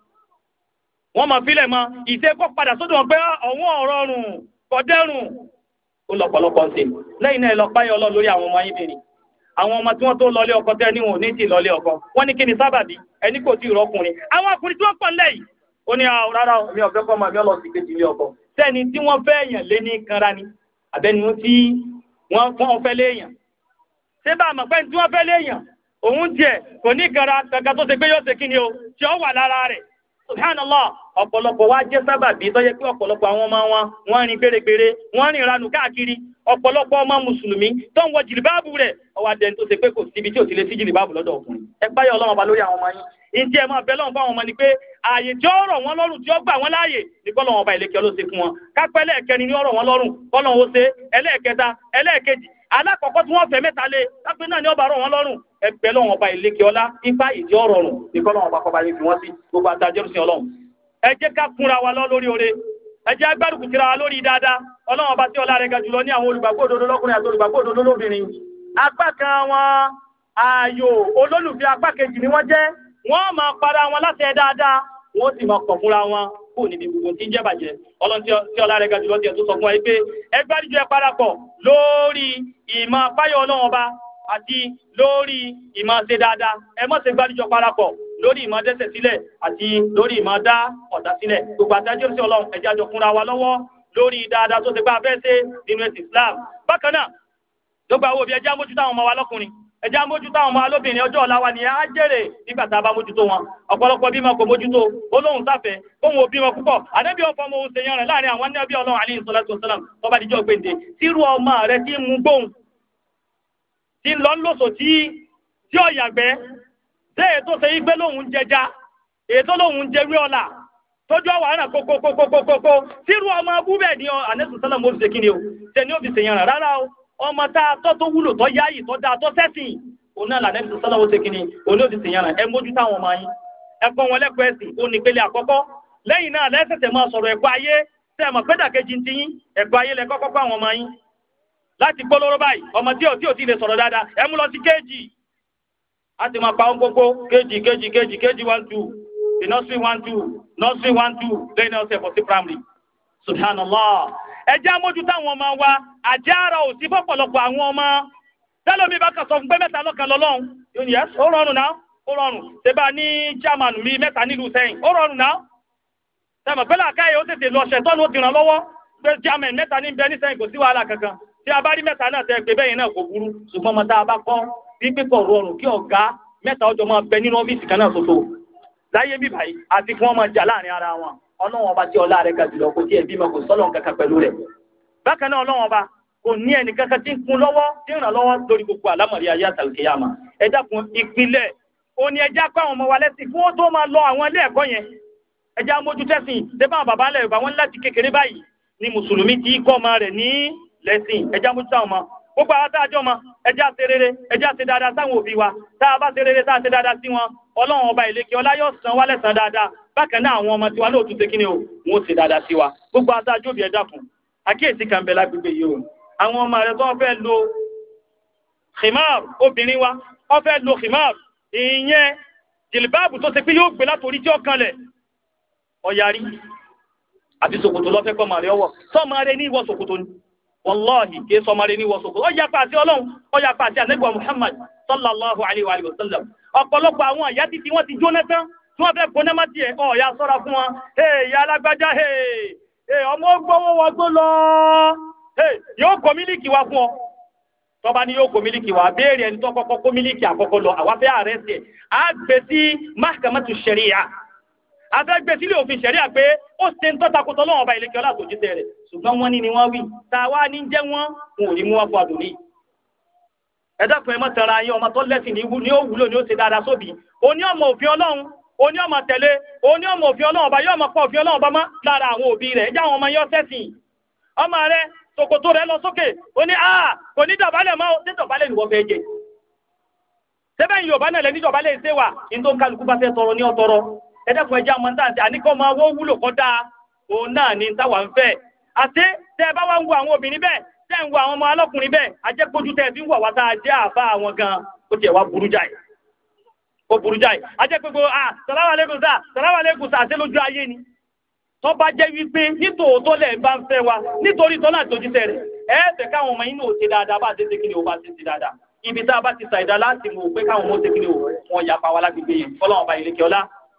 wọ́n máa filẹ̀ mọ́ ìṣe kó padà sódò wọn pé ọ̀hún ah, ọ̀rọ̀ ọ̀rùn kọ̀dẹ́rùn ó lọ́pọ̀lọpọ̀ ṣe lẹ́yìn náà lọ páyọ̀ ọlọ́run lórí àwọn ọmọ yín bìnrin àwọn ọmọ tí wọ́n tó lọlé ọkọ tẹ́ ní wọn ò ní ti lọlé ọkọ wọ́n ní kí ni sábàbí ẹni kò tí ì rọkùnrin àwọn ọkùnrin tí wọ́n pọ̀ nílẹ̀ yìí ó ní ah, rárá mi ọ̀fẹ́ kọ́ máa mi ọlọ́sì kejì ilé ọkọ sẹ́ni tí wọ́n fẹ́ èèyàn lé ní kanra ni àbẹ́ni tí wọ́n fẹ́ léèyàn ṣé bá àmọ̀ pé tí wọ́n fẹ́ léèyàn òun tiẹ̀ kò ní kanra kankan tó ṣe pé yóò ṣe kí ni o tí ó wà lára rẹ̀ subhanallah ọ̀pọ̀lọpọ̀ wa jẹ́ sábàbí tó yẹ pé ọ̀pọ̀lọpọ̀ àwọn ọmọ wọn wọ́n rìn pérépéré wọ́n rìn ranù káàkiri ọ̀pọ̀lọpọ̀ ọmọ mùsùlùmí tó ń wọ jìlìbáàbù rẹ̀ ọwọ́ adẹ́ni tó ṣe pé kò síbi tí ò ti lè sí jìlìbáàbù lọ́dọ̀ ọkùnrin ẹ páyọ̀ ọlọ́run ọba lórí àwọn ọmọ yín ìdí ẹ̀ máa bẹ lọ́run fáwọn ọmọ ni pé ààyè tí ó rọ̀ wọ́n lọ́rùn tí ó gbà wọ́n láàyè ní kọ́lọ̀ ọba ìlẹ̀kẹ́ ló ṣe fún wọn kápẹ́ ẹlẹ́ẹ̀kẹrin ni ó rọ̀ wọ́n lọ́rùn kọ́lọ̀ ó ṣe ẹlẹ́ẹ̀kẹta ẹlẹ́ẹ̀kejì alákọ̀ọ́kọ́ tí wọ́n fẹ́ mẹ́ta lé lápẹ́ náà ni ó bá rọ̀ wọ́n lọ́rùn ẹgbẹ́ lọ́wọ́n ọba ìlékè ọlá ifá ìdí ọ̀rọ̀ ọ̀rùn nìkan lọ́wọ́n ọba kọba yìí fi wọ́n sí gbogbo àtàjẹ́rù sí ọlọ́run. ẹ jẹ́ ká kúnra wa lọ lórí oore ẹ jẹ́ agbárùkù tira wa lórí dáadáa ọlọ́wọ́n ọba tí ọlá rẹ̀ ga jùlọ ní àwọn olùgbàgbọ́ òdodo lọ́kùnrin àti olùgbàgbọ́ òdodo lóbìnrin. apá kan wọn ààyò ni wọ́n jẹ́ wọ́n máa para wọn láti ẹ dáadáa wọ́n sì máa kọ̀ fúnra wọn kò àti lórí ìmọ̀ ṣe dáadáa ẹ mọ̀ ṣe gbáríjọ parapọ̀ lórí ìmọ̀ dẹ́sẹ̀ sílẹ̀ àti lórí ìmọ̀ dá ọ̀tá sílẹ̀ gbogbo àtàjọ sí ọlọ́run ẹ a jọ fúnra wa lọ́wọ́ lórí dáadáa tó ṣe pé a nínú ẹ̀sìn Islam bákan náà gbogbo àwọn òbí ẹ jẹ́ a mójútó àwọn ọmọ wa lọ́kùnrin ẹ jẹ́ a mójútó àwọn ọmọ alóbìnrin ọjọ́ ọ̀la wa ni a jèrè nígbà tá a bá mójútó wọn ọ̀pọ̀lọpọ̀ bímọ kò mójútó olóhùn sáfẹ́ òun ò bímọ púpọ̀ àdébí ọkọ ọmọ òun ṣèyàn rẹ̀ láàrin àwọn ẹbí ọlọ́run alayhi salatu wasalam tó bá dijọ́ gbèǹde tírú ọmọ rẹ̀ ti mú gbóhùn tí ń lọ lóṣò tí tí ọ̀yàgbẹ́ tí èyí tó ṣe yí pé lóun jẹja èyí tó lóun jẹwé ọ̀la tójú ọ̀wà náà kókókókókókó tírú ọmọ abúbẹ̀ ni ànẹ́sùn sọ́nà mo ṣe kí o tẹ̀ ní òfìsè yẹn rárá o ọmọ tá a tọ́ tó wúlò tọ́ yáyì tọ́ dáa tọ́ sẹ́sìn òun náà lànẹ́sùn sọ́nà mo ṣe kí ni òun ní òfìsè yẹn rà ẹ mójú táwọn ọmọ yín ẹ̀kọ́ wọn lẹ́kọ̀ọ́ ẹ̀sìn ó ní ìpele àkọ́kọ́ lẹ́yìn náà lẹ́sẹ̀sẹ̀ máa sọ̀rọ̀ ẹ̀kọ́ ayé tẹ́ mọ̀ pẹ́dà ti yín ẹ̀kọ́ ayé lẹ́kọ́kọ́ fún àwọn ọmọ yín láti gbólóró báyìí ọmọ tí ò tí ò tí lè sọ̀rọ̀ dáadáa ẹ mú lọ sí kéèjì a ti máa pa ohun gbogbo kéèjì kéèjì kéèjì kéèjì one two the nursery one two nursery one two lẹ́yìn náà ṣẹ̀fọ̀ sí primary subhanallah ẹ jẹ́ amójú táwọn ọmọ wa àjẹ́ ara ò sí fọ́pọ̀lọpọ̀ àwọn ọmọ tẹ́lómi bá kà sọ fún pé mẹ́ta lọ́kàn lọ́lọ́run yóò ní ẹ ó rọrùn náà ó rọrùn ṣẹba ní chairman mi mẹ́ta nílùú sẹ́yìn ó rọrùn náà tẹmọ̀ pé làákàyè ó tètè lọ ṣẹ̀tọ́ ló ti ràn lọ́wọ́ pé chairman mẹ́ta ní bẹ́ẹ̀ ní sẹ́yìn kò sí wàhálà kankan tí a bá rí mẹ́ta náà tẹ́ pé bẹ́yìn náà kò burú ṣùgbọ́n ọmọ tá bá kọ́ bí pípọ̀ rọrùn kí ọ̀gá mẹ́ta ọjọ́ máa bẹ nínú ọ́fíìsì kan náà ṣoṣo láyé bí báyìí àti kí wọ́n jà láàrin ara wọn ọlọ́run ọba tí ọlá rẹ̀ ga jùlọ kò tí ẹ̀ bímọ kò sọ́lọ̀ kankan pẹ̀lú rẹ̀ bákan náà ọlọ́run ọba kò ní ẹnì kankan tí ń kun lọ́wọ́ tí ń ràn lọ́wọ́ lórí gbogbo àlámọ̀rí ayé àtàlùkìyàmà ẹ dákun ìpínlẹ̀ òní ẹja kọ́ àwọn ọmọ wa lẹ́sìn kí wọ́n tó máa lọ àwọn ilé ẹ̀kọ́ yẹn ẹja mójútẹ́sìn débà bàbá ńlẹ̀ yorùbá wọn láti kékeré báyìí ni mùsùlùmí ti kọ́ ọmọ rẹ̀ ní lẹ́sìn ẹja mójútó àwọn ọmọ gbogbo àwọn táàjọ ọmọ ẹja ṣe rere ẹja ṣe dáadáa sáwọn òbí wa tá a bá ṣe rere tá a ṣe dáadáa sí wọn ọlọ́run ọba ìlékè ọlá yóò san wá lẹ́san dáadáa bákan náà àwọn ọmọ tiwa náà ṣe kí ni o wọn ó ṣe dáadáa sí wa gbogbo àwọn táàjọ òbí ẹja kùn àkíyèsí kan bẹ lágbègbè yìí o àwọn ọmọ rẹ tó fẹ́ lo khimar obìnrin wa wọ́n fẹ́ lo khimar ìyẹn jìlìbáàbù tó ṣe pé yóò gbé látòrí tí ó kanlẹ̀ ọ̀yàrí àti ṣòkòtò lọ́fẹ́ kọ́ màrí ọwọ́ sọ́ọ̀mà rẹ ní ìwọ ṣòkòtò ni. wàláhì kì í sọmọrin ní wọ́sọ̀kò ó yapa àti ọlọ́run ó yapa àti àlẹ́gbà muhammad sallallahu alayhi wa sallam ọ̀pọ̀lọpọ̀ àwọn ìyá títí wọ́n ti jóná tán tí wọ́n fẹ́ gbóná má ya sọ́ra fún wọn ìyá alágbájá ọmọ gbọ́wọ́ wọn tó lọ yóò kọ mílíkì wá fún ọ ni yóò kọ wá béèrè ẹni tó mílíkì lọ àwa fẹ́ afẹ́gbẹ́sílẹ̀ òfin ṣẹ̀ríà pé ó ṣe ń tọ́takùtọ̀ lọ́wọ́ ọba ìlẹ́kẹ́ ọlá rẹ̀ ṣùgbọ́n wọ́n ní ni wọ́n wí tá a ní jẹ́ wọ́n wọn ò ní mú wá fún àdùnní. ẹ dákun ẹ mọ tara yín ọmọ tó lẹ́sìn ní ó wúlò ní ó ṣe dáadáa sóbì oní ọmọ òfin ọlọ́run oní ọmọ tẹ̀lé oní ọmọ òfin ọlọ́run ọba yóò pọ̀ ọba mọ́ lára àwọn òbí ẹ̀dẹ́kun ẹja ọmọ níta àníkọ́ máa wọ́ wúlò kọ́ òun náà ni táwa ń fẹ́ àti tẹ́ ẹ bá wá ń wo àwọn obìnrin bẹ́ẹ̀ tẹ́ ń wo àwọn ọmọ alọ́kùnrin bẹ́ẹ̀ ajẹ́kójú tẹ́ ẹ fi ń wà wá tá a jẹ́ àbá àwọn gan ó tiẹ̀ wá burú jáì ó burú jáì ajẹ́kójú à sàlámà lẹ́kùn sà sàlámà lẹ́kùn sà àti lójú ayé ni tó bá jẹ́ wípé nítòótọ́ lẹ̀ bá ń fẹ́ wa nítorí tọ́lá àtòjútẹ̀ rẹ̀ ẹ̀ẹ́dẹ̀ káwọn ọmọ yín náà dáadáa bá ṣe ṣe kí bá ṣe ṣe dáadáa ibi tá a bá ti ṣàìdá láti mọ̀ pé káwọn ọmọ ṣe kí wọn yà pa wa lágbègbè yẹn fọlọ́wọn bá ilé kí ọlá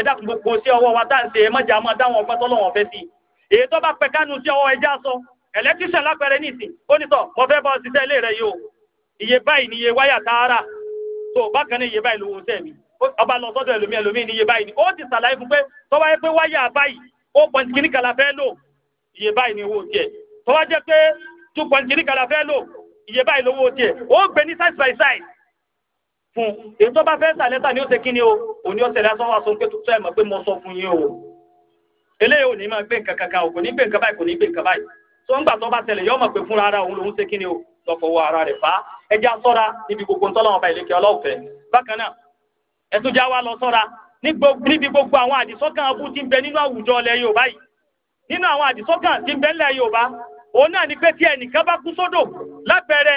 ẹ̀dá gbogbo sí ọwọ́ wa dáǹsì ẹ̀mọ́jà máa dáwọn ọgbọ́n tọ́lọ́wọ́n fẹ́ sí i èyí tó bá pẹ kánú sí ọwọ́ ẹja sọ ẹlẹ́tírísàn lápẹẹrẹ nìsín ó ní sọ mo fẹ́ bá ọ ṣiṣẹ́ ilé rẹ yìí o iye báyìí ni iye wáyà tààrà tó bákan náà iye báyìí ló wọ́n sẹ́mi ọba lọ sọ́dọ̀ ẹlòmí ẹlòmí ni iye báyìí ni ó ti ṣàlàyé fún pé tọ́wá yẹ pé wáyà báyìí ó pọ̀ ní la fẹ́ lò iye báyìí ni owó tiẹ̀ tọ́wá jẹ́ pé two point kíníkà la fẹ́ lò iye báyìí lówó tiẹ̀ ó gbé ní size by size fún èyí tó bá fẹ́ sà lẹ́tà ni ó ṣe kí ni o òní ọ̀sẹ̀ lásán wà sọ pé tuntun ẹ̀ mọ̀ pé mo sọ fún yín o eléyìí ò ní máa gbé nǹkan kankan o kò ní gbé nǹkan báyìí kò ní gbé nǹkan báyìí tó ń gbà tó bá ṣẹlẹ̀ yọ mọ̀ pé fúnra ara òun lòún ṣe kí ni o lọ fọwọ́ ara rẹ̀ fà á ẹ já sọ́ra níbi gbogbo ń tọ́lọ́wọ́n ọba ìlékè ọlọ́ọ̀fẹ́ bákan náà ẹ tún já wa lọ sọ́ra níbi gbogbo àwọn àdìsọ́kàn abú ti ń bẹ nínú àwùjọ ilẹ̀ Yorùbá yìí nínú àwọn àdìsọ́kàn ti ń bẹ ńlẹ̀ Yorùbá òun náà ni pé tí ẹnìkan bá kú sódò lápẹẹrẹ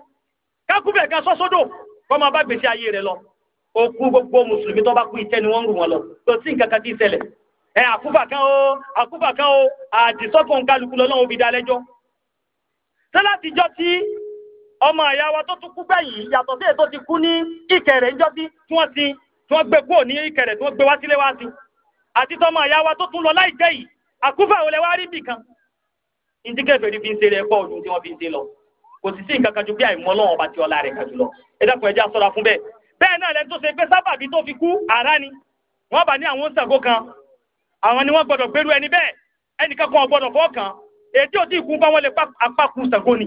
kákúbẹ̀ kan sọ́sọ́dọ̀ kọ́ máa bá gbèsè ayé rẹ̀ lọ òkú gbogbo mùsùlùmí tó bá kú ìtẹ́ ni wọ́n ń rù wọn lọ tó sí nǹkan kan tí ì ṣẹlẹ̀ ẹ àkúfà kan o àkúfà kan o àdìsọ́kàn kálukú lọ́lọ́run òbí dalẹ́jọ́ sẹ́látìjọ́ tí ọmọ àyà wa tó tún kú gbẹ̀yìn yàtọ̀ sí ètò ti kú ní ìkẹrẹ̀ ńjọ́ sí tí wọ́n ti tí wọ́n gbé kúrò ní ìkẹrẹ̀ tí wọ́n gbé wá sílé wá sí àti tọmọ àyà wa tó tún lọ láìpẹ́ yìí àkúfà òlẹ̀ wá rí bì kan ìdíkẹ́ fi ń ṣe rẹ̀ pọ̀ ọdún tí wọ́n fi ń ṣe lọ kò sì sí nǹkan kan ju bí àìmọ̀ Ọlọ́run ọba tí ọlá rẹ̀ kà jùlọ ẹ dákun ẹ jẹ́ á ṣọ́ra fún bẹ́ẹ̀ bẹ́ẹ̀ náà lẹ́nu tó ṣe pé sábàbí tó fi kú àrá ni wọ́n bá ní àwọn ń ṣàgó kan àwọn ni wọ́n gbọ́dọ̀ gbérú ẹni bẹ́ẹ̀ ẹnìkan kan ọ̀gbọ́dọ̀ fọ́ kan èdè òdì ìkú bá wọn lè pa apákú ṣàgó ni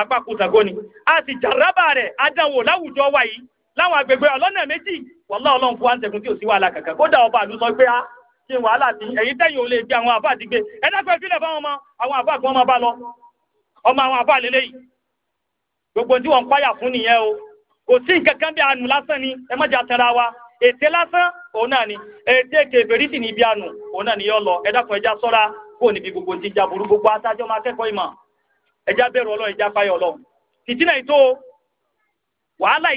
apákú ṣàgó ni a sì jàrábà rẹ̀ adáwò láwùjọ wa yìí láwọn agbègbè ọlọ́nà méjì wàlá ọlọ́run ọmọ àwọn àfa àlélẹ́ gbogbo tí wọ́n ń páyà fún nìyẹn o kò sí nǹkan kan bí àánú lásán ni ẹ má jà tẹra wa ètè lásán òun náà ni ètè kèfèrí sì ní ibi àánú òun náà ni yọ lọ ẹ dákun ẹja sọ́ra kó níbi gbogbo ti jà burú gbogbo máa wàhálà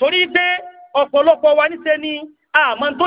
torí pé ọpọlọpọ wa ni tó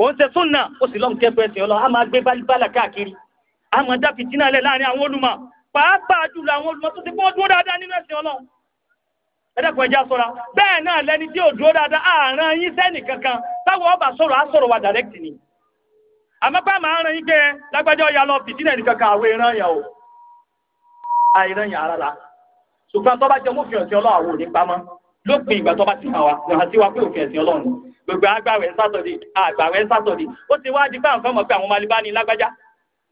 ó ń ṣe súnà ó sì lọ́n kẹ́kọ̀ọ́ ẹ̀sìn a ma gbé bálíbálà káàkiri a máa dá fìtínà lẹ̀ láàrin àwọn olùmọ̀ pàápàá jùlọ àwọn olùmọ̀ tó ti kọ́ dúró dáadáa nínú ẹ̀sìn ọlọ́run ẹ̀dẹ́kun ẹja sọ́ra bẹ́ẹ̀ náà lẹni tí ò dúró dáadáa yín kankan táwọn ọba sọ̀rọ̀ á sọ̀rọ̀ wa direct ni àmọ́ pé àmọ́ àárín yín pé lágbájá lọ ìran yà ó àìran yà rárá ṣùgbọ́n bá jẹ́ mú fi ti wá sí wa gbogbo agbàwẹ̀ sátọ̀dì àgbàwẹ̀ sátọ̀dì ó ti wá di pé àwọn kan mọ̀ pé àwọn màlìbá ni lágbájá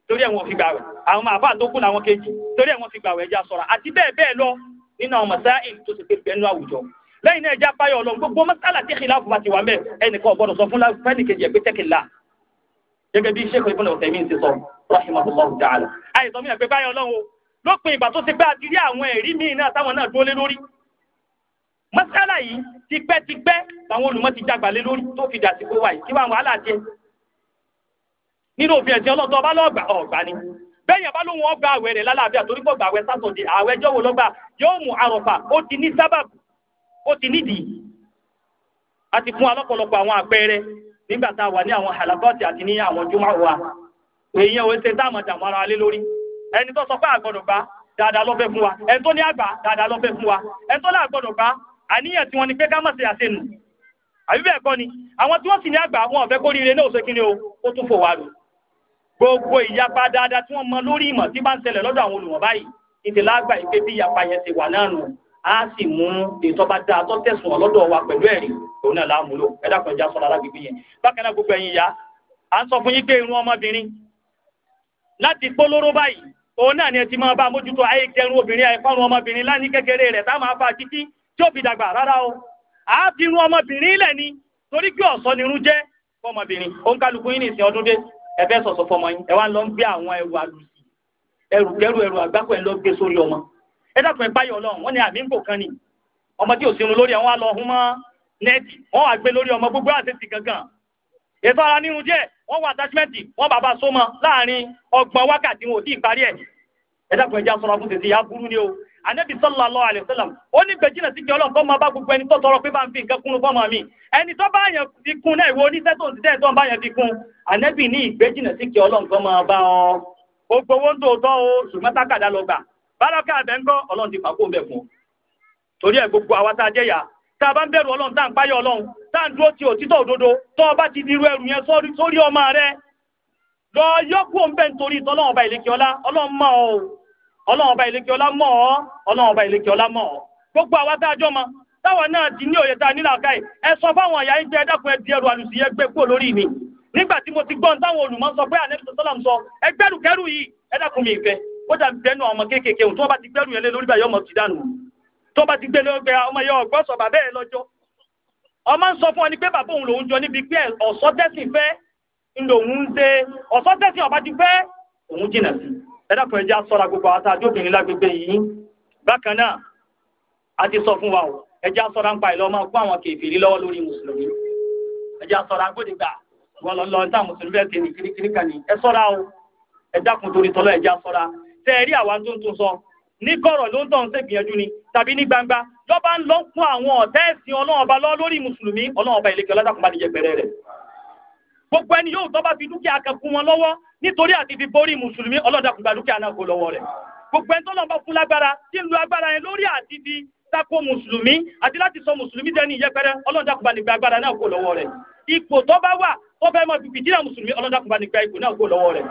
torí ẹ̀ wọ́n fi gbàwẹ̀ àwọn màbá tó kù làwọn kejì torí ẹ̀ wọ́n fi gbàwẹ̀ ẹja sọ̀rọ̀ àti bẹ́ẹ̀ bẹ́ẹ̀ lọ nínú àwọn mọ̀sáìl tó ti pépè nínú àwùjọ lẹ́yìn náà ẹja fáyọ̀ ọlọ́run gbogbo mọ́sálà tí kìláàfù bá ti wà mẹ́ ẹnìkan ọ̀gbọ́dọ̀ sọ fún fẹ́nìkejì ẹ̀ pé tẹ́kìlá gẹ́gẹ́ bí sẹ́kọ̀ọ́ ìbọn ọ̀tẹ̀mí ti sọ rahimahullahu ta'ala àìsàn mi ẹ̀ pé báyọ̀ ọlọ́run lópin ìgbà tó ti pé àti àwọn ẹ̀rí míì náà táwọn náà dúró lé lórí mọ́sálà yìí tipẹ́tipẹ́ làwọn olùmọ̀ ti jágbà lé lórí tó fi dà sí pé wáyé kí wàá wàhálà jẹ nínú òfin ẹ̀sìn ọlọ́tọ̀ ọba lọ́gbà ọ̀gbà ni bẹ́ẹ̀ yẹn bá lóun ọgbà àwẹ̀ rẹ̀ lálàáfíà torí pọ̀ gbà àwẹ̀ sátọ̀dẹ̀ àwẹ̀ jọ́wọ́ lọ́gbà yóò mú àròfà ó ti ní sábàbù ó ti nídìí a ti fún alọ́pọ̀lọpọ̀ àwọn àpẹẹrẹ nígbà tá a wà ní àwọn halakọ́ọ̀tì àti ní àwọn jùmọ̀ wa èèyàn ò ṣe dáàmọ̀ dàmọ́ ara lé lórí ẹni tó sọ pé àgbọ̀dọ̀ gbá dáadáa lọ́fẹ́ fún wa ẹni tó ní àgbà dáadáa lọ́fẹ́ fún wa ẹni tó ní àgbọ̀dọ̀ àníyàn tí wọ́n ni pé ká má ṣe àṣenù àbí bẹ́ẹ̀ kọ́ ni àwọn tí wọ́n sì ní àgbà wọn ọ̀fẹ́ kórìíre náà ṣe kíni o ó tún fò wá lò gbogbo ìyapa dáadáa tí wọ́n mọ lórí ìmọ̀ tí bá ń ṣẹlẹ̀ lọ́dọ̀ àwọn olùmọ̀ báyìí ìtẹ̀lá yìí pé bí ìyapa yẹn ti wà náà nù á sì mú ètò ọba dáa tó tẹ̀sùn ọlọ́dọ̀ wa pẹ̀lú ẹ̀rí òun náà láàmúlò ẹ̀dá kan já sọ́ra lágbègbè yẹn bákan náà gbogbo ẹ̀yin ìyá à ń sọ fún yín pé irun ọmọbìnrin láti polóró báyìí òun náà ni ẹ ti máa bá mójútó ayé kẹrun obìnrin àìkọrun ọmọbìnrin lá ní kékeré rẹ̀ tá máa fa títí tí ó fi dàgbà rárá o a fi irun ọmọbìnrin ilẹ̀ ni torí kí ọ̀sọ́ ni irun jẹ́ ó ń kálukú yín ní ọdún dé ẹ fẹ́ sọ̀sọ̀ fọmọ yín ẹ wá ń lọ gbé àwọn ẹrù àlùsì ẹrù kẹrù ẹrù àgbákò ẹ lọ gbé ọmọ ẹ dàpọ̀ ẹ báyọ̀ wọ́n ní àmì ń kan ni ọmọ tí ò lórí mọ́ nẹ́ẹ̀tì ọmọ gbogbo gangan ètò ara nínú díẹ̀ wọ́n wà wọn ò tí ì parí ẹ̀ ẹ dàpọ̀ ẹ já sọ́ra fún tètè yá burú ni o anabi sallallahu alayhi wa sallam ó ní gbẹjìnà sí kí Ọlọ́run kọ máa bá gbogbo ẹni tó tọrọ pé bá ń fi nǹkan kún fọmọ mi ẹni tó bá yẹn fi kún náà ìwọ oníṣẹ́ tó ń ti tẹẹtọ bá yẹn fi kún anabi ní ìgbẹjìnà sí kí Ọlọ́run máa bá ọ gbogbo owó ń tó tọ o ṣùgbọ́n tákàdá lọ gbà bálọkà abẹ ńkọ Ọlọ́run ti fà kó ń bẹ fún torí ẹ gbogbo àwa tá a jẹ yà tá a bá ń bẹ̀rù Ọlọ́run tá o bá ti di irú ẹrù yẹn sórí ọmọ rẹ lọ ọlọ́run ọba ìlékè ọlá mọ̀ ọ́ ọlọ́run ọba ìlékè ọlá mọ̀ ọ́ gbogbo àwa tá a jọ mọ táwọn náà ti ní òye tá a nílà káyì ẹ sọ fáwọn àyà ìjẹ ẹdẹkùn ẹdí ẹrù àlùsí yẹn gbé kúrò lórí mi nígbà tí mo ti gbọ́n táwọn olùmọ̀ sọ pé ànẹ́bí sọ́lá sọ ẹ gbẹ́rù kẹ́rù yìí ẹdẹkùn mi ìfẹ́ ó dà bẹ́nu ọmọ kéékèèké tó bá ti gbẹ́rù yẹn lé lórí báyọ̀ ọmọ ti ni pé bàbá òun lòun jọ níbi pé ọ̀sọ́ tẹ̀sìn fẹ́ ń lòun ń ẹ̀dàkùn ẹ̀jẹ̀ asọ́ra gbogbo àwọn tá a jóbìnrin lágbègbè yìí bákan náà a ti sọ fún wa o ẹ̀jẹ̀ asọ́ra ń pa ìlọ́ máa kó àwọn kèfèrí lọ́wọ́ lórí mùsùlùmí ẹ̀jẹ̀ asọ́ra gbódìgbà wọn lọ lọ ní táwọn mùsùlùmí bẹ́ẹ̀ tẹ̀lé kirikiri kan ẹ sọ́ra o ẹ̀dàkùn torí tọ́lọ́ ẹ̀jẹ̀ asọ́ra tẹ́ ẹ rí àwa tó ń tún sọ ní kọ̀rọ̀ ló ń tọ̀ ń ṣègbìyànjú ni tàbí ní gbangba lọ́ba ń lọ fún àwọn ọ̀tá ẹ̀sìn ọlọ́run ọba lọ lórí mùsùlùmí ọlọ́run ọba ìlẹ́kẹ̀ ọlọ́dàkùnbá nìyẹn bẹ̀rẹ̀ rẹ̀ gbogbo ẹni yóò tọ́ bá fi dúkìá kan kún wọn lọ́wọ́ nítorí àti fi borí mùsùlùmí ọlọ́dàkùn gba dúkìá náà kó lọ́wọ́ rẹ̀ gbogbo ẹni tó lọ́nà bá fún lágbára tí ń lo agbára yẹn lórí àti fi tako mùsùlùmí àti láti sọ mùsùlùmí dẹni ìyẹpẹrẹ ọlọ́dàkùn bá nígbà agbára náà kó lọ́wọ́ rẹ̀ ipò tó bá wà ó fẹ́ mọ fìdí náà mùsùlùmí ọlọ́dàkùn bá nígbà ipò náà kó lọ́wọ́ rẹ̀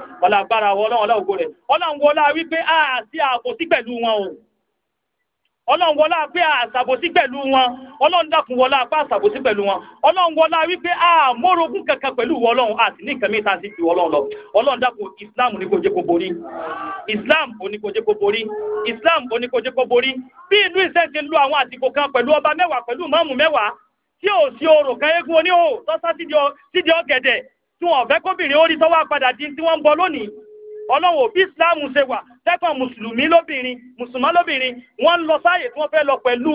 wàlá ọlọ́run wọlá pé àṣàbòsí pẹ̀lú wọn ọlọ́run dákun wọlá pé àṣàbòsí pẹ̀lú wọn ọlọ́run wọlá wípé a kankan pẹ̀lú ọlọ́run àti ní nǹkan mẹ́ta sí ọlọ́run lọ ọlọ́run dákun islam ní kò borí islam borí islam borí bí ìlú ìṣẹ́ ti àwọn àsìkò pẹ̀lú ọba mẹ́wàá pẹ̀lú tẹ́pọ̀ mùsùlùmí lóbìnrin mùsùlùmá lóbìnrin wọ́n ń lọ sáàyè tí wọ́n fẹ́ lọ pẹ̀lú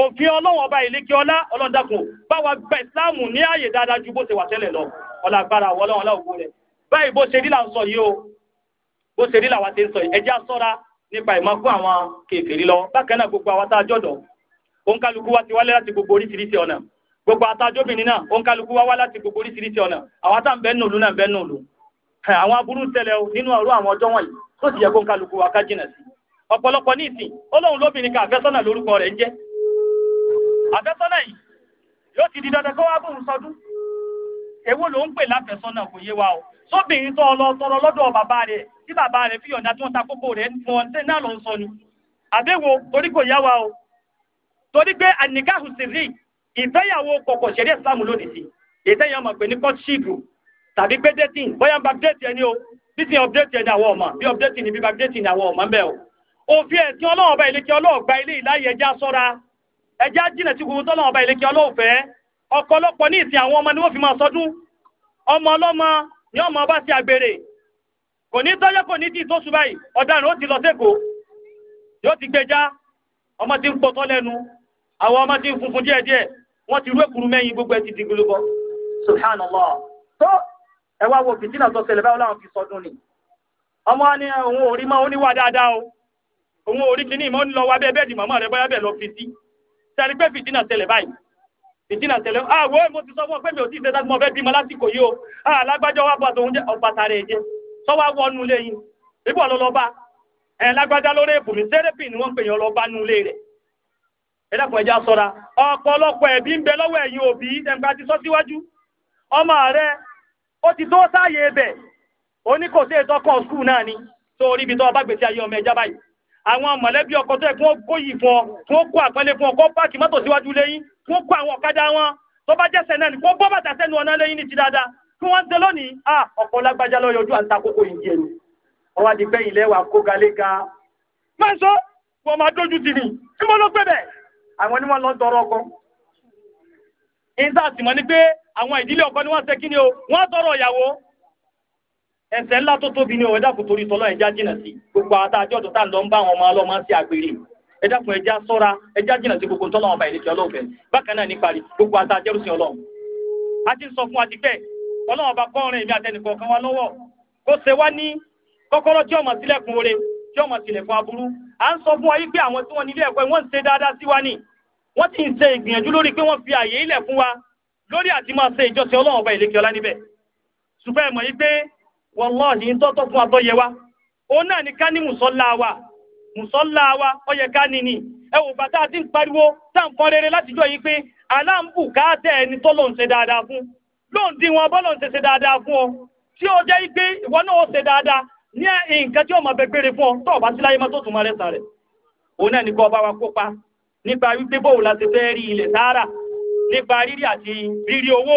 òfin ọlọ́wọ́n ọba ìlékí ọlá ọlọ́dàkùn bá wa gba ìsìláàmù ní ààyè dáadáa ju bó ṣe wà tẹ́lẹ̀ lọ ọlá agbára wọ ọlọ́wọ́n láwùjọ rẹ̀ báyìí bó ṣe rí là ń sọ yìí o bó ṣe rí làwa ti ń sọ yìí ẹjẹ́ sọ́ra nípa ìmọ̀kún àwọn kèfèrí lọ bákan náà gbogbo àwọn àtàjọ́dọ̀ òǹkálukú wa ti wálé láti gbogbo oríṣiríṣi ọ̀nà gbogbo àtàjọ́bìnrin náà òǹkálukú wa wá láti gbogbo oríṣiríṣi ọ̀nà àwọn àtàǹbẹ́nùlù náà bẹ́nùlù àwọn aburú tẹ̀lẹ̀ nínú ọ̀rọ̀ àwọn ọjọ́ wọ̀nyí tó sì yẹ kó kálukú wa ká jìnà sí ọ̀pọ̀lọpọ̀ ní ìsìn olóhùn lóbìnrin kan àfẹ́sọ́nà lórúkọ rẹ̀ ń jẹ́ àfẹ́sọ́nà yìí yóò ti di dandan kó wá bóun sọdún èwo ló ń pè láfẹ́sọ́nà kò yé wa o sóbìnrin tó lọ tọrọ lọ́dọ̀ bàbá rẹ̀ tí bàbá rẹ̀ fi ọ̀nà tí wọ́n ta kókó rẹ̀ wọn tẹ́ náà lọ sọ ni àbẹ́wò torí kò yá wa o torí pé àníkáhù sì rí ìfẹ́yàwó kọ̀kọ̀ ṣẹ̀rí ẹ̀sìlámù lónìí sí ìfẹ́yàwó mọ̀ ní kọ́ṣíìpù tàbí pé dẹ́tìn ẹni o títí ọ̀pdẹ́tì ẹni àwọn ọmọ bí ọ̀pdẹ́tì ni bíbá ọ̀pdẹ́tì ni àwọn ọmọ ń bẹ̀ o. òfin ẹ̀sìn ọlọ́run ọba ìlékè ọlọ́run gba ilé ìláyè ẹja sọ́ra ẹja jìnà tí gbogbo tọ́lọ́run ọba ìlékè ọlọ́run fẹ́ ọ̀pọ̀lọpọ̀ ní ìsìn àwọn ọmọ ni wọ́n fi máa sọdún ọmọ ọlọ́mọ ni ọmọ ọba ti àgbèrè kò ní tọ́jọ́ kò ní tí tó ṣù báyìí ọ̀daràn ó ti lọ ẹ wo fìtínà tó ṣẹlẹ̀ báwo láwọn fi sọdún ni ọmọ wa ní òun ò rí mọ́ níwà dáadáa o òun ò rí kíní ìmọ̀ ń lọ wá bẹ́ẹ̀ bẹ́ẹ̀ fi sẹ́ni pé báyìí àwọ̀ ah, mo ti sọ fún ọ pé mi ò tí lásìkò yìí o alágbájọ ah, wa bọ̀ tòun jẹ́ ọ̀bàtà rẹ̀ jẹ́ sọ́wọ́ wọnú lẹ́yìn lọ́lọ́ba ẹ̀ ó ti tó sáàyè ibẹ̀ oní kò sí ìtọ́kọ̀ skul náà ni tó orí ibi tó bá gbèsè ayé ọmọ ẹja báyìí àwọn mọ̀lẹ́bí ọkọ tó yẹ kí wọ́n kó yìí fún ọ kí wọ́n kó àpẹẹlẹ fún ọ kó páàkì mọ́tò síwájú lẹ́yìn kí wọ́n kó àwọn ọ̀kadà wọn tó bá jẹ́sẹ̀ náà ni kó bọ́ bàtà sẹ́nu ọ̀nà lẹ́yìn ní ti dáadáa kí wọ́n ṣe lónìí à ọ̀pọ̀ lágbájá lọ́yọ̀ ojú àti àkókò yìí jẹ́ ni ọwọ́ di pé ilẹ̀ wa kó galé ga. máa ń sọ wọ́n máa dójú ti ni kí wọ́n ló pẹ́ bẹ́ẹ̀ àwọn ni wọ́n lọ tọrọ níta sì mọ̀ ni pé àwọn ìdílé ọkọ ni wọ́n ṣe kí ni o wọ́n tọrọ ìyàwó ẹ̀ṣẹ̀ ńlá tó tóbi ni o ẹ dákun torí tọlọ ẹjá jìnà sí gbogbo àwọn tá a jọ tọ́ta lọ ń bá àwọn ọmọ ọlọ́mọ sí àgbèrè ẹ dákun ẹjá ṣọ́ra ẹjá jìnà sí gbogbo tọ́lọ́ ọba ìrètí ọlọ́ọ̀fẹ́ bákan náà gbogbo àtà a ti sọ fún wa ti ọba èmi kan wa kó ṣe wá ní tí ọmọ tí ọmọ wọn ń ṣe dáadáa sí wa wọ́n ti ń ṣe ìgbìyànjú lórí pé wọ́n fi àyè ilẹ̀ fún wa lórí àti máa ṣe ìjọsìn ọlọ́run ọba ìlékè ọlá níbẹ̀ ṣùgbọ́n ẹ̀mọ̀ yìí pé wọ́lọ́ọ̀hì ń tọ́tọ́ fún abọ́yẹ wa òun náà ni ká ní mùsọ́lá wa mùsọ́lá wa ká ní ni bàtà àti ń pariwo tá à ń yìí pé aláǹbù káàtẹ́ ẹni tó lòun ṣe dáadáa nípa wípé bóòwò la ṣe fẹ́ rí ilẹ̀ sàárà nípa rírí àti rírí owó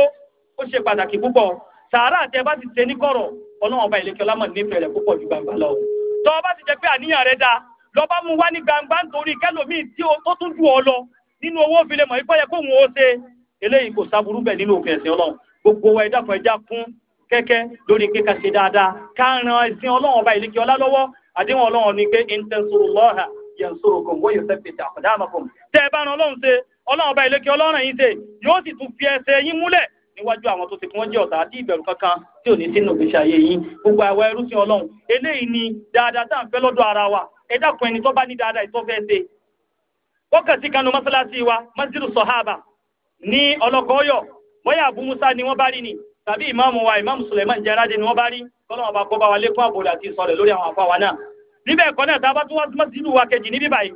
ó ṣe pàtàkì púpọ̀ sàárà àti ẹ bá ti ṣe ní kọ̀rọ̀ ọlọ́run ọba ìlẹ́kẹ́ ọlámọ̀ nífẹ̀ẹ́ rẹ̀ púpọ̀ ju gbangba lọ. tọ́ ọ bá ti jẹ́ pé àníyàn rẹ̀ dáa lọ́ba mu wá ní gbangba nítorí kẹlòmíì tí ó tún jù ọ lọ nínú owó fi lè mọ̀ ipò yẹ kóhun ó ṣe eléyìí kò sáburú bẹ̀ nínú òfin ẹ̀sìn ọlọ́run gbogbo yansurukum wa yuthabbit aqdamakum tẹ́ ẹ bá ran ọlọ́run ṣe ọlọ́run ọba ìlẹ́kẹ́ ọlọ́run yìí ṣe yóò sì tún fi ẹsẹ̀ yín múlẹ̀ níwájú àwọn tó ti kí wọ́n jẹ́ ọ̀tá àti ìbẹ̀rù kankan tí ò ní sínú ìgbésí ayé yín gbogbo àwa ẹrú sí ọlọ́run eléyìí ni dáadáa tá à ń fẹ́ lọ́dọ̀ ara wa ẹ dákun ẹni tó bá ní dáadáa ìtọ́fẹ́ ṣe wákàtí kanu mọ́sálásí wa masjidu sọ̀háàbà ní ọlọ́kọ̀ọ́yọ̀ bóyá Abu Musa ni wọ́n bá rí ni tàbí ìmáàmù wa ìmáàmù Suleiman Jarade ni wọ́n bá rí tọ́lọ́wọ́n bá kọ́ bá wa lékún àbòrò àti ìsọ̀rẹ̀ lórí àwọn àfa náà níbẹ̀ ẹ̀kọ́ náà tá a bá tún wá sí mọ́sídù wa kejì níbí báyìí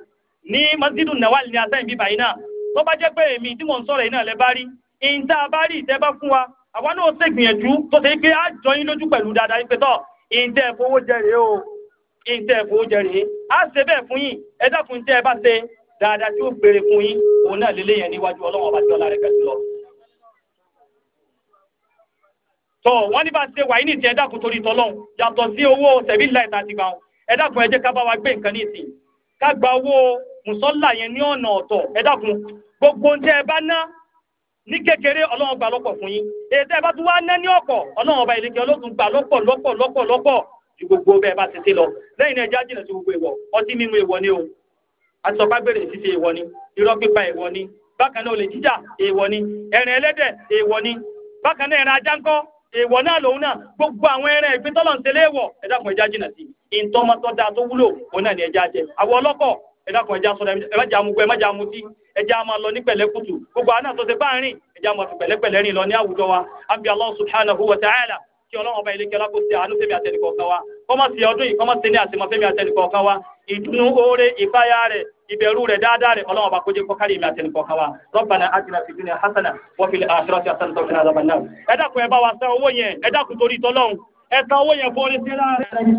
ní mọ́sídù nawal ní asáyìn bíbá yìí náà tó bá jẹ́ pé èmi tí mò ń sọ̀rọ̀ yìí náà lẹ bá rí ìyìn tá a bá rí ìtẹ́ bá fún wa àwa náà ṣe gbìyànjú tó ṣe pé á jọ yín lójú pẹ̀lú dáadáa yín pé tọ́ ìyìn fowó jẹ o ìyìn tẹ́ ẹ fowó jẹ á ṣe bẹ́ẹ̀ fún yín ẹ dákun tẹ́ ẹ bá ṣe dáadáa tí ó béèrè fún yín òun náà lélẹ́yìn níwájú ọlọ́run ọba tí ọlá rẹ̀ lọ. tọ́ wọ́n ní bá ṣe wàyí nìtì ẹ dákun torí tọ́lọ́run yàtọ̀ sí owó sẹ̀bí láì tá ti gbà ẹ dákun ẹ jẹ́ ká bá wa gbé nǹkan ní ìsìn ká gba owó mùsọ́là yẹn ní ọ̀nà ọ̀tọ̀ gbogbo ohun tẹ́ ẹ bá ná ní kékeré ọlọ́run gbà lọ́pọ̀ fún yín èyí tẹ́ ẹ bá tún wá ní ọlọ́run ọba ìlẹ́kẹ̀ ọlọ́run Gba lọ́pọ̀ lọ́pọ̀ lọ́pọ̀ lọ́pọ̀ ju gbogbo bá ti lọ lẹ́yìn ẹ sí gbogbo ọtí mímu ni o ni irọ́ pípa ni bákan náà olè jíjà ni ẹran ìpín ìtọ́mọ tó dáa tó wúlò òun náà ni ẹja jẹ àwọn ọlọ́kọ̀ ẹ̀dá kan ẹja sọ̀rọ̀ ẹ̀mẹ́jà amúgbó ẹ̀mẹ́jà amutí ẹja máa lọ ní pẹ̀lẹ́kùtù gbogbo àná tó ti bá ń rìn ẹja máa fi pẹ̀lẹ́pẹ̀lẹ́ rìn lọ ní àwùjọ wa àbí Allah subhanahu wa ta'ala kí ọlọ́run ọba ilé kẹlá kó ṣe àánú fẹ́mi àtẹnìkọ̀ kan wa kọ́mọ̀ sí ọdún yìí kọ́mọ̀ sí ní àtìmọ́ fẹ́mi ìbẹ̀rù rẹ̀ dáadáa rẹ̀ ọlọ́run ọba kó jẹ́ kọ́kárì èmi àtẹnìkọ̀ kan wa Rabbana atina fid dunya hasana wa fil akhirati hasanatan wa qina adhaban nar ẹ dákun ẹ bá wa san owó yẹn ẹ torí tọ́lọ́run ẹ̀ka owó yẹn fún orí sí láàrin